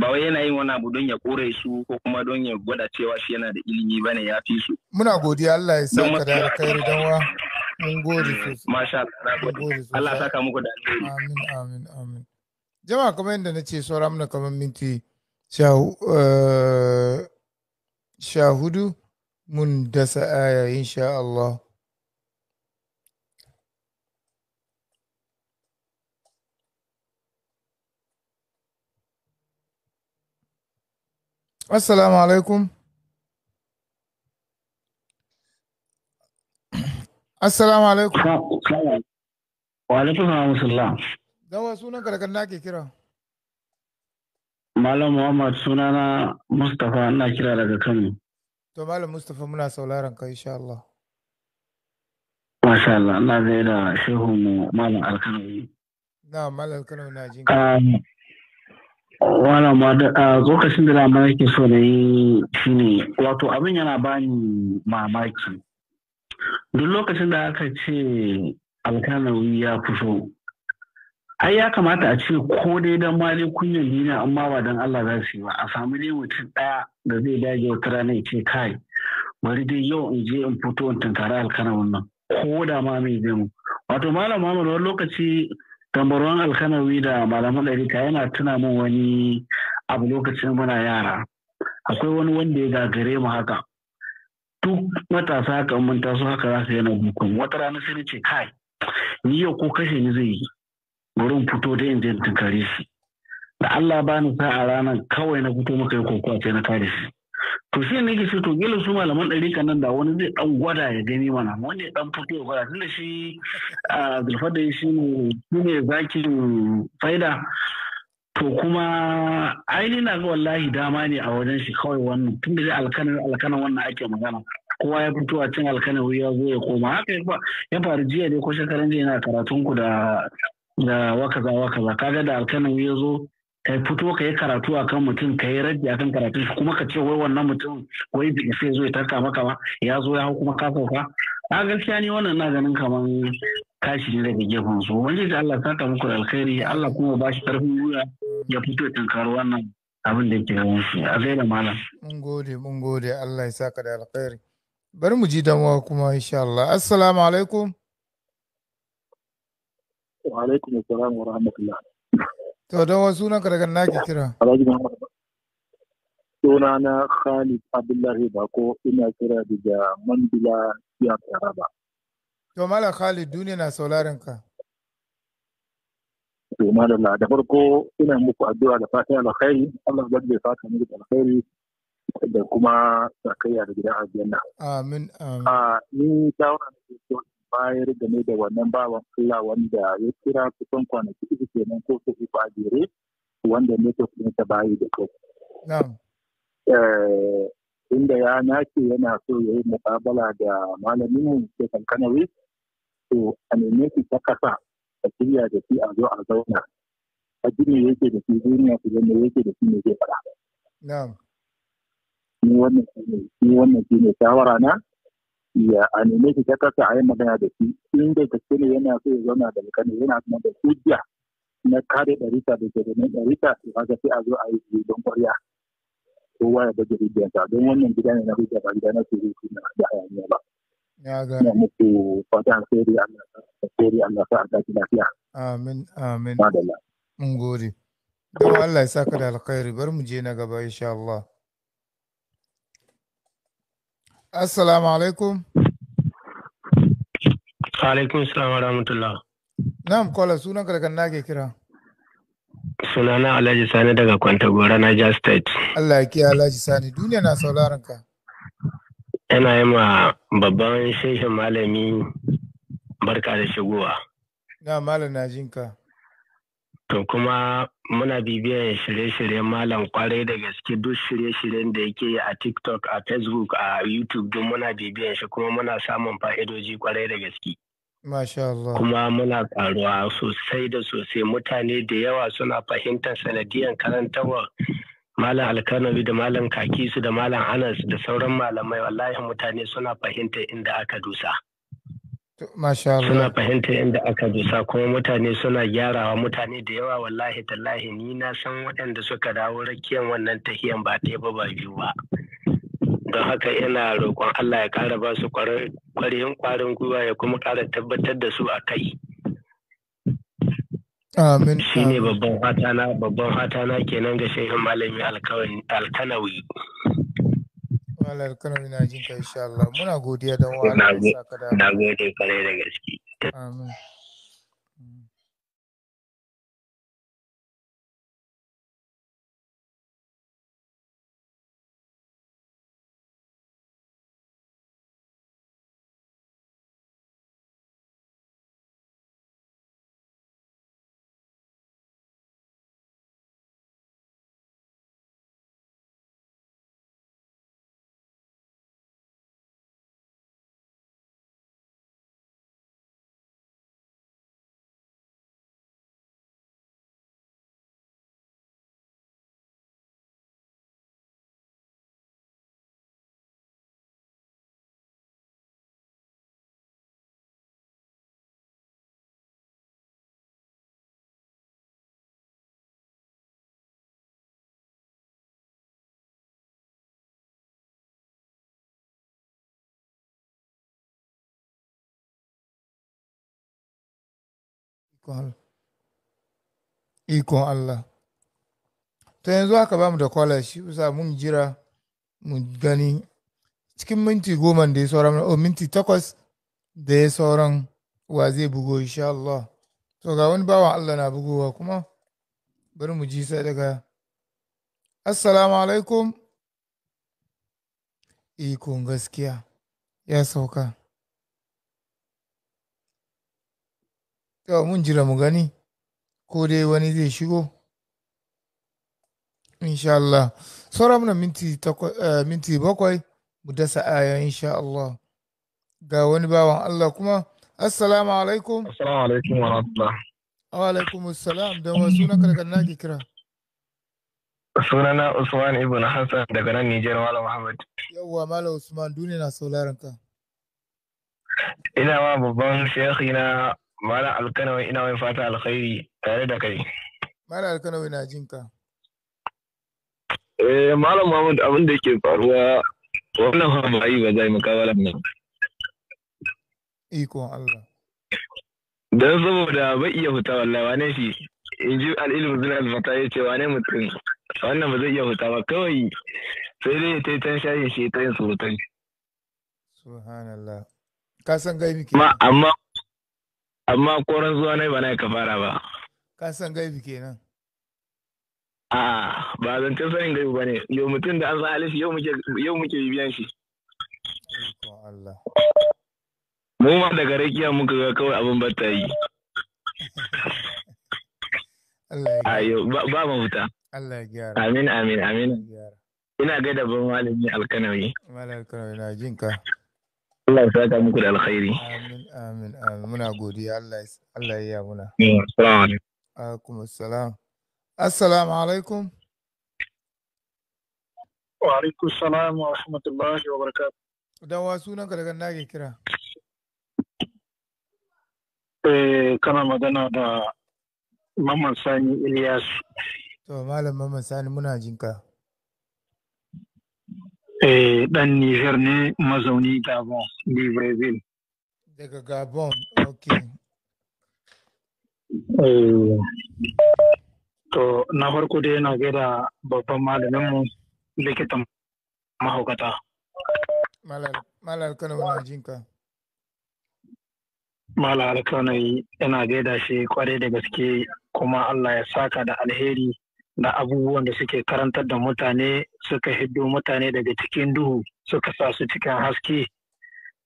ba wai yana yin wani abu don ya kore su ko kuma don ya gwada cewa shi yana da ilimi bane ya fi su muna godiya Allah ya saka da alkhairi danwa mm, mun gode sosai masha Allah Allah saka muku da alheri amin amin amin jama'a kamar yadda na ce saura muna kamar minti Eh, sha hudu mun dasa aya insha Allah. Assalamu alaikum. Assalamu alaikum. Wa alaikum wa rahmatullah. Dawa sunan karkan da ke kira. Malam Muhammad sunana Mustapha ina kira daga Kano. To Malam Mustapha muna sauraron ka insha Allah. Masha Allah, ina zai da shehu mu Malam Alkano. Na Malam Alkano na jin. Wala ah, ma da ah, lokacin da dama yake so na yi shi ne, wato abin yana bani mamaki. Duk lokacin da aka ce Alkanawi ya fito, ai ya kamata a ce ko dai dan mali kunyan duniya amma ba dan Allah za su yi ba a sami dai mutum ɗaya da zai dage wata rana ya ce kai bari dai yau in je in fito in tunkari alkana wannan ko da ma mai zai mu wato malam Muhammadu, wani lokaci tambarwan alkanawi da malaman ɗarika yana tuna min wani abu lokacin muna yara akwai wani wanda ya gagare mu haka duk matasa haka mun taso haka za su yana bukun wata rana sai na ce kai ni yau ko kashe ni zai yi Wurin fito da in je in tunkare da Allah ba ni sa'a ranar kawai na fito maka yi kokowa sai na kare shi to shi ne shi to gila su malaman ɗari nan da wani zai ɗan gwada ya gani mana wani ya ɗan fito ya gwada tunda shi a zulfada shi ne shi ne zakin faida to kuma ainihin na ga wallahi dama ne a wajen shi kawai wannan tunda zai alkanar alkanar wannan ake magana kowa ya fito a cin alkanar ya zo ya koma haka ya faru jiya ne ko shekaran jiya yana karatun ku da da wakaza wakaza kaga da alkanan ya zo ka fito ka yi karatu a kan mutum ka yi raddi a kan karatun shi kuma ka ce wai wannan mutum wai bi sai zo ya tarka maka ba ya zo ya hau kuma ka sauka a gaskiya ni wannan na ganin kamar kashi ne daga gefen su wani da Allah saka muku da alkhairi Allah kuma ba shi karfin gwiwa ya fito ya tankaro wannan abin da yake gaban shi a gaida malam mun gode mun gode Allah ya saka da alkhairi bari mu ji damuwa kuma insha Allah assalamu alaikum Wa alaikum assalam wa rahmatullah. To don wasu sunan ka daga na ke kira. Alhaji Muhammad. Suna na Khalid Abdullahi Bako ina kira daga Mandila ya Taraba. To Malam Khalid duniya na sauraron ka. To Malam da farko ina muku addu'a da fatan alkhairi Allah ya bada fatan muku alkhairi da kuma sakayya da gidan aljanna. Amin amin. Ah ni shawara ne bayar game da wannan bawan Allah wanda ya kira kusan kwanaki uku kenan ko su uku a jere wanda network ta bayi da kai. Eh, inda ya nace yana so ya yi muƙabala da malamin mu ke kankanawi, to a neme shi ta kasa a shirya da shi a zo a zauna. A jini yake da shi duniya su zama yake da shi ne zai faɗa. Ni wannan shi ne shawara na. ya a neme shi ta kasa a yi magana da shi in da gaske ne yana so ya zauna da alƙali yana kuma da hujja na kare ɗarita da jarumin ɗarita to haka sai a zo a yi don ƙwarya kowa ya baje hujjansa don wannan gida ne na hujja ba gida na surutu na da hayaniya ba. Ya gani. Ina muku fata alheri Allah alheri Allah sa a lafiya. Amin amin. Madalla. Mun gode. Don Allah ya saka da alkhairi bari mu je na gaba insha Allah. Assalamu alaikum. Alaikum salam wa rahmatullah. Na'am kola sunan karkar na ke kira. Sunana Alhaji Sani daga Gora, Niger State. Allah ki Alhaji Sani, duniya na sauraron ka. Yana yi ma babban shehin malami barka da shigowa. Na malam na jinka. To kuma muna bibiyar shirye-shiryen malam kwarai da gaske duk shirye-shiryen da yake a TikTok, a Facebook, a YouTube duk muna bibiyan shi kuma muna samun fa'idoji kwarai da gaske. Masha Allah. Kuma muna karuwa sosai da sosai mutane da yawa suna fahimtar sanadiyar karantarwar Malam Alkanobi da Malam Kakisu da Malam Anas da sauran malamai wallahi mutane suna fahimtar inda aka dusa. Suna fahimta inda aka dusa kuma mutane suna gyarawa mutane da yawa wallahi tallahi ni na san waɗanda suka dawo rakiyan wannan tahiyan ba ta ba ba biyu ba. Don haka yana roƙon Allah ya ƙara ba su ƙwarihin ƙwarin gwiwa ya kuma ƙara tabbatar da su a kai. Amin. Shi ne babban hatana babban hatana kenan ga Shehu malami alkanawi. Malam Kano ina jin ka insha Allah. Muna godiya dan wa Allah ya da. Na gode kwarai da gaske. Amin. ikon ikon Allah ta yanzu haka ba mu da kwalashi bisa mun jira mu gani cikin minti goma da ya sauran o oh, minti takwas da ya sauran wa zai bugo insha Allah to ga wani bawan Allah na bugowa kuma bari mu ji sai daga assalamu alaikum ikon gaskiya ya sauka To mun jira mu gani ko dai wani zai shigo. Insha Allah. Sauran na eh, minti, bakwai mu dasa aya insha Allah. Ga wani bawan Allah kuma. Assalamu alaikum. Assalamu alaikum wa rahmatullah. Wa alaikum assalam da wasu na karkar naki kira. Sunana Usman Ibn Hassan daga nan Nijar Malam Muhammad. Yawwa Malam Usman duniya na sauraron ka. Ina ma babban shekhi na Malam Alkanawi ina mai fata alkhairi tare da kai. Mala Alkanawi na jin ka. Eh Malam Muhammad abin da yake faruwa wannan hamayi ba zai wala nan. Iko Allah. Don saboda bai iya fita wallahi wane shi in ji al'ilmu zina alfata ya ce wane mutum wannan ba zai iya fita ba kawai sai dai ya taitan shayin shi ta su surutai. Subhanallah. Ka san gaibi ke. Ma amma amma koran zuwa na ba na fara ba ka san gaibi kenan a ba zan zancen sanin gaibi ba ne yau mutum da an san halishi yau muke bibiyan shi mu ma daga rakiya muka ga kawai abin ba ta yi (laughs) ba ba mafuta. Allah ya gyara. Amin, amin, amin. Ina gaida ban malami alkanawi. Malami alkanawi na jinka. Allah ya saka muku da alkhairi. Amin. Amin, amin. Muna godiya Allah Allah ya muna. Assalamu alaikum. Alaikum assalam. Assalamu alaikum. Wa alaikum salam wa rahmatullahi wa barakatuh. Dan wa sunanka daga nake kira. Eh kana magana da Mamman Sani Ilyas. To Malam Mamman Sani muna jinka. Eh dan Niger ne mazauni Gabon, Libreville. Daga Gabon, ok. Eh, to, na farko dai na gaida babban malaminmu likitan mahaukata. malar Kano na jinka. malar Kano yana gaida shi kwarai da gaske kuma Allah ya saka da alheri da abubuwan da suke karantar da mutane suka hiddo mutane daga cikin duhu suka sa su cikin haske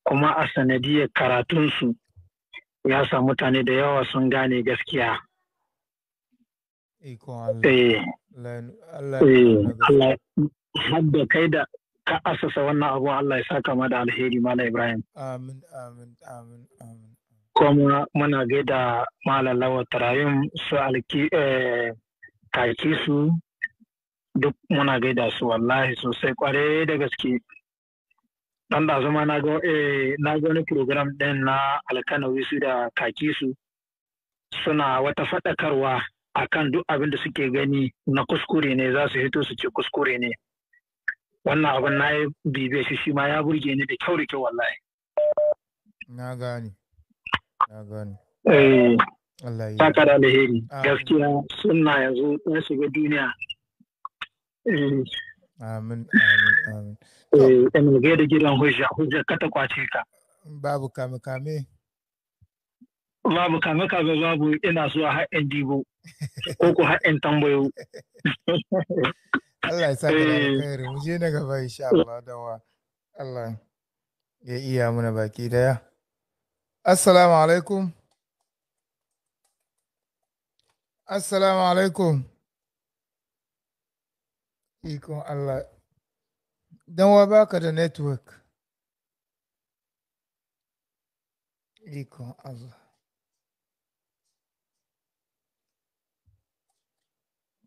kuma a sanadiyar karatunsu ya sa mutane da yawa sun gane gaskiya. Eh. Eh, Hadda kai da ka asasa wannan abu Allah ya saka ma da alheri mana Ibrahim. Amin, amin, amin, amin. Kuma muna gaida da Lawa tarayin su alki eh, kaki su duk muna gaida su wallahi sosai kwarai da gaske. dan da zama eh, na ga wani program din na alkanawi su da kaki su suna wata faɗakarwa kan duk abin da suke gani na kuskure ne za su hito su ce kuskure ne wannan abin na yi bibe shi shi ma ya burge ni da kyau da kyau wallahi na gani na gani eh Allah da alheri gaskiya suna yanzu ta shiga duniya eh. amin amin Eh, ina gaida ka ta ka. Babu kame kame. Babu kame kame babu ina zuwa har in ko ku har in tambayo. Allah ya saka da eh. alkhairi. Mu je na gaba insha Allah dawa. Allah ya iya muna baki daya. Assalamu alaikum. Assalamu alaikum. Ikon Allah don wa baka da network ikon Allah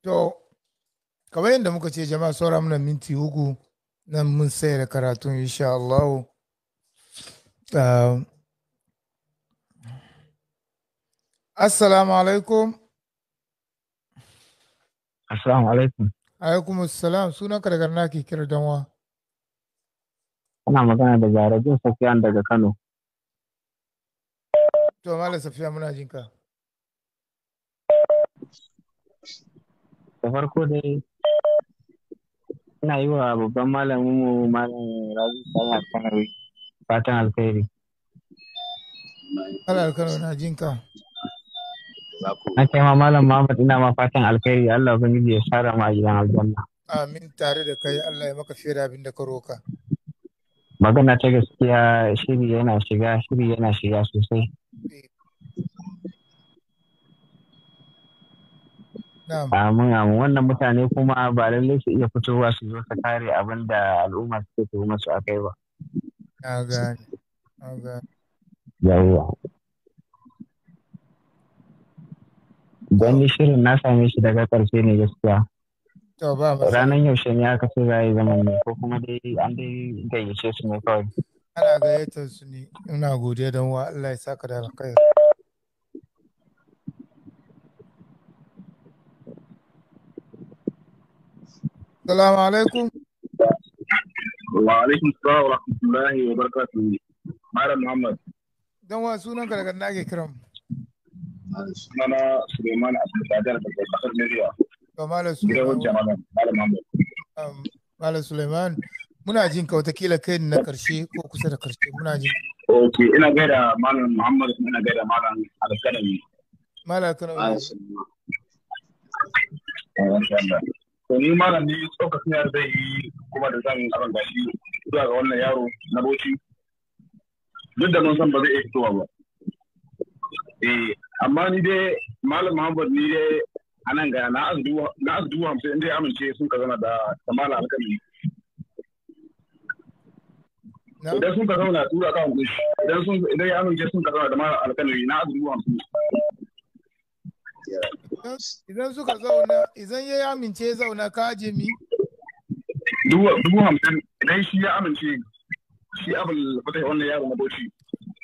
to kamar yadda muka ce jama'a saura mana minti uku nan mun sayar da karatun insha Allah assalamu alaikum assalamu alaikum alaikum assalam sunan karagar naki kira danwa Ana magana da jin Safiyan daga Kano. To, Malam Safiya muna jin ka. Da farko dai, ina yi wa babban malaminmu Malam Rabi Sani Alkanawi fatan alkhairi. Malam alkano na jin ka. Na ce ma Malam Muhammad ina ma fatan alkhairi Allah Ubangiji ya share ma gidan aljanna. Amin tare da kai Allah ya maka fiye da abin da ka roka. magana ta gaskiya shiri yana shiga shiri yana shiga sosai amin amin wannan mutane kuma ba lallai su iya fitowa su zo su kare abin da al'umma suke tuhumar su akai ba yawwa don shirin na same shi daga ƙarshe ne gaskiya ranar yaushe ne aka fi zai zama ne ko kuma dai an dai gayyace su ne kawai ana gayyatar su ne ina godiya don wa Allah ya saka da alkhairi Salamu alaikum. Wa alaikum salam wa rahmatullahi wa barakatuhu. Mara Muhammad. Dan wa sunan ka daga na ke kiran. Sunana Suleiman Abdul Qadir daga kasar Nigeria. Ga Malam Suleiman. Malam Suleiman. Muna jin ka watakila kai na karshe ko kusa da karshe muna jin. Ok, ina gaida Malam Muhammad ina gaida Malam Alkalami. Malam Alkalami. To ni malam ne tsokacin yar zai yi kuma da zan abin gashi zuwa ga wannan yaro na boci. Duk da mun san ba zai iya fitowa ba. Eh, amma ni dai Malam Muhammad ni dai a nan gaya na az dubu hamsin inda ya amince sun ka zama da kamala alkali idan sun ka zauna tura kan kushi idan sun idan ya amince sun ka zauna da mara alkali na az dubu hamsin idan suka zauna idan ya amince zauna ka je mi dubu hamsin idan shi ya amince shi abul yi wannan yaro na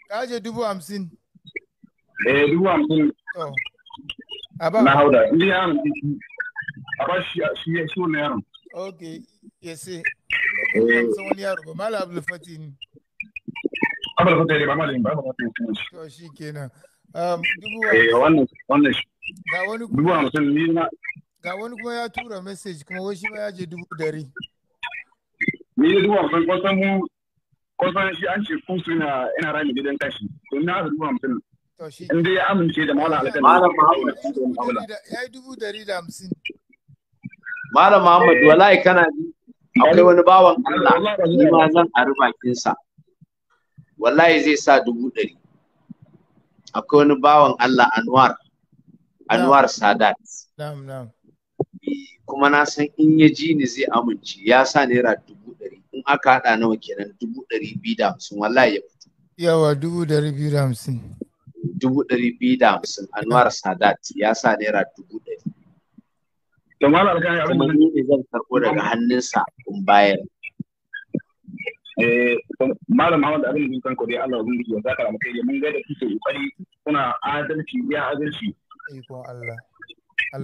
ka je dubu hamsin eh dubu hamsin na hauda ni yaron a ba shi shi shi yaron eh. wani yaro ba ne ne ba ba to shi kenan um dubu eh wannan wannan ga wani dubu ni na ga wani kuma ya tura message kuma wai shi ma ya je dubu dari ni da dubu kwasan mu kwasan shi an ce ina rami gidan kashi to na dubu in dai ya amince da malam alƙalin malam muhammad ya yi dubu dari da hamsin malam muhammad eh. wallahi kana ji akwai wani bawan Allah ni ma zan ari bakinsa wallahi zai sa dubu dari akwai wani bawan Allah Anwar Anwar Sadat eh, kuma na san in ya ji ni zai amince ya sa naira dubu ɗari in aka haɗa nawa kenan dubu ɗari biyu da hamsin wallahi ya fito yawa dubu ɗari biyu da hamsin dubu ɗari biyu da hamsin Anwar Sadat ya sa naira dubu ɗari. Kuma ni ne zan karɓo daga hannunsa in bayar. Eh, malam Ahmad Abin Bin Kanko dai Allah zai yi zaka da kai mun ga da kuke kokari kuna adalci ya adalci. Iko Allah.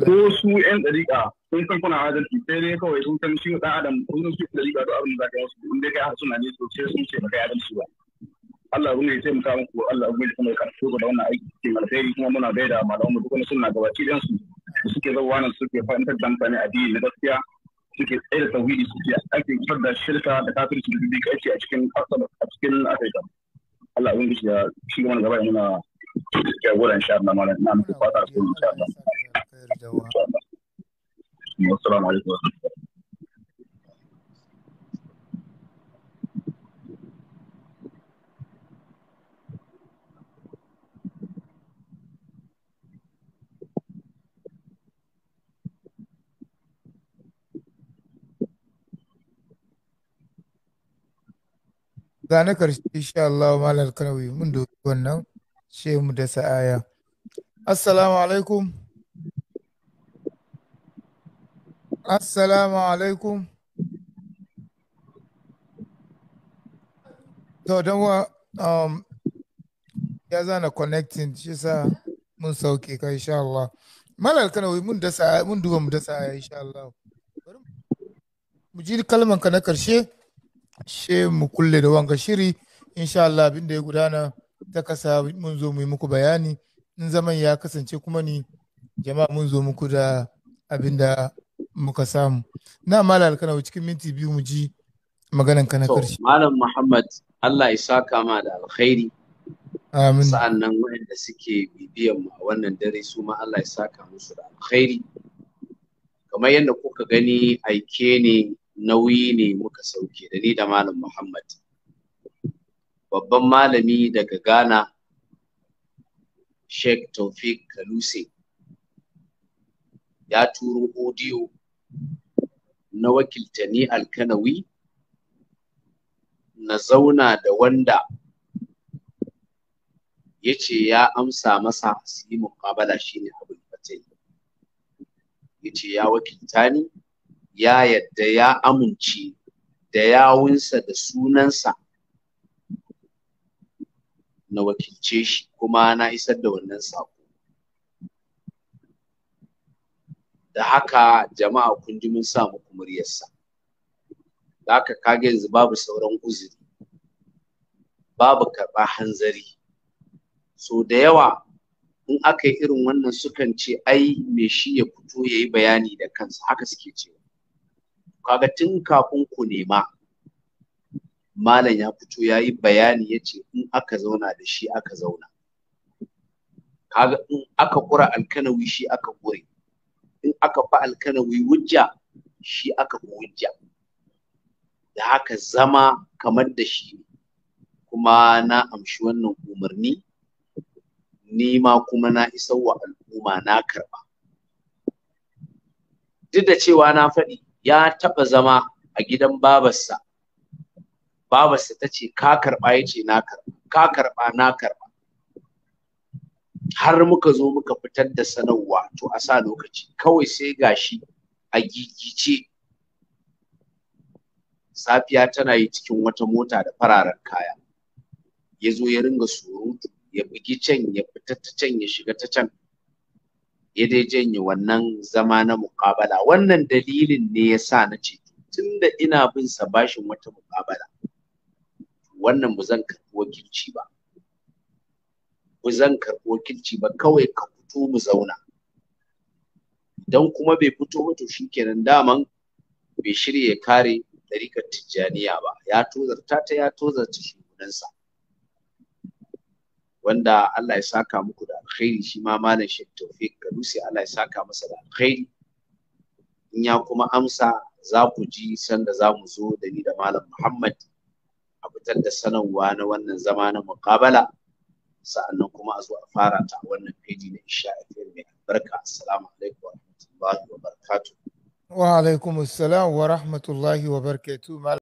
Ko su ƴan ɗariƙa sun san kuna adalci sai dai kawai sun san shi ɗan adam sun san su ɗariƙa duk abin da zaka yi musu in dai kai suna ne sosai sun ce ba kai adalci ba. Allah abin ya taimaka muku Allah abin ya kuma karfi da wannan aiki cikin alheri kuma muna bai da malamu mu duk wani sunna gabaki dan su suke zuwa nan suke fahimtar da mutane addini na gaskiya suke tsaye da tauhidi suke ake fitar da shirka da kafirci da bibi kai a cikin a cikin Afirka Allah abin ya shi gaban gaba yana gura insha Allah malam na muku fata su insha Allah Assalamu alaikum ga na karshe insha Allah malar kanawi mun doki wannan sai mu da sa'aya assalamu alaikum assalamu alaikum to don wa um, ya zana connecting shi sa mun sauke ka insha Allah malar kanawi mun da sa'aya mun duba mu da sa'aya insha Allah mu ji kalman ka na karshe she mu kulle da wanka shiri insha Allah abin da ya gudana ta kasa mun zo mu yi muku bayani in zaman ya kasance kuma ni jama'a mun zo muku da abin da muka samu na mala alkanawa cikin minti biyu mu ji maganan ka na karshe malam muhammad Allah ya saka ma da alkhairi amin sa'an nan waɗanda suke bibiyan mu a wannan dare su ma Allah ya saka musu da alkhairi kamar yadda kuka gani aike ne nauyi ne muka sauke da ni da malam muhammad babban malami daga ghana sheikh taufik kaluse ya turo odiyo na wakiltani alkanawi na zauna da wanda ya ce ya amsa masa su yi muƙabala shine abin fatai ya ce ya wakilta ni ya yadda ya amince da yawunsa da sunansa na wakilce shi kuma na isar da wannan saƙo da haka jama'a kun ji mun sa muku muryarsa da haka kage yanzu babu sauran uzuri babu karɓa hanzari so da yawa in aka yi irin wannan sukan ce ai me shi ya fito ya yi bayani da kansa haka suke cewa kaga tun kafin ku nema malam ya fito ya yi bayani ya ce in aka zauna da shi aka zauna kaga in aka kura alkanawi shi aka kure in aka fa alkanawi wujja shi aka fi wujja da haka zama kamar da shi kuma na amshi wannan umarni ni ma kuma na isar wa al'umma na karba duk da cewa na faɗi ya taɓa zama a gidan babarsa babarsa ta ce ka karɓa ya na karɓa ka karɓa na karɓa har muka zo muka fitar da sanarwa to a sa lokaci kawai sai gashi a gigice safiya tana yi cikin wata mota da fararen kaya ya zo ya ringa surutu ya bugi can ya fita ta can ya shiga ta can ya dai janye wannan zama na mukabala wannan dalilin ne ya sa na ce tunda ina bin sa bashin wata mukabala wannan ba zan karɓi wakilci ba ba zan karɓi wakilci ba kawai ka fito mu zauna don kuma bai fito ba to shikenan daman bai shirya kare ɗarikar tijjaniya ba ya tozarta ta ya tozarta shugabansa wanda Allah ya saka muku da alkhairi shi ma malam Sheikh Tawfiq Galusi Allah ya saka masa da alkhairi in ya kuma amsa za ku ji sanda za mu zo da ni da malam Muhammad a fitar da sanarwa na wannan zama na muqabala sa'annan kuma a zo a fara ta wannan feji na Isha FM mai albarka assalamu alaikum wa rahmatullahi wa barakatuh wa alaikum assalam wa rahmatullahi wa barakatuh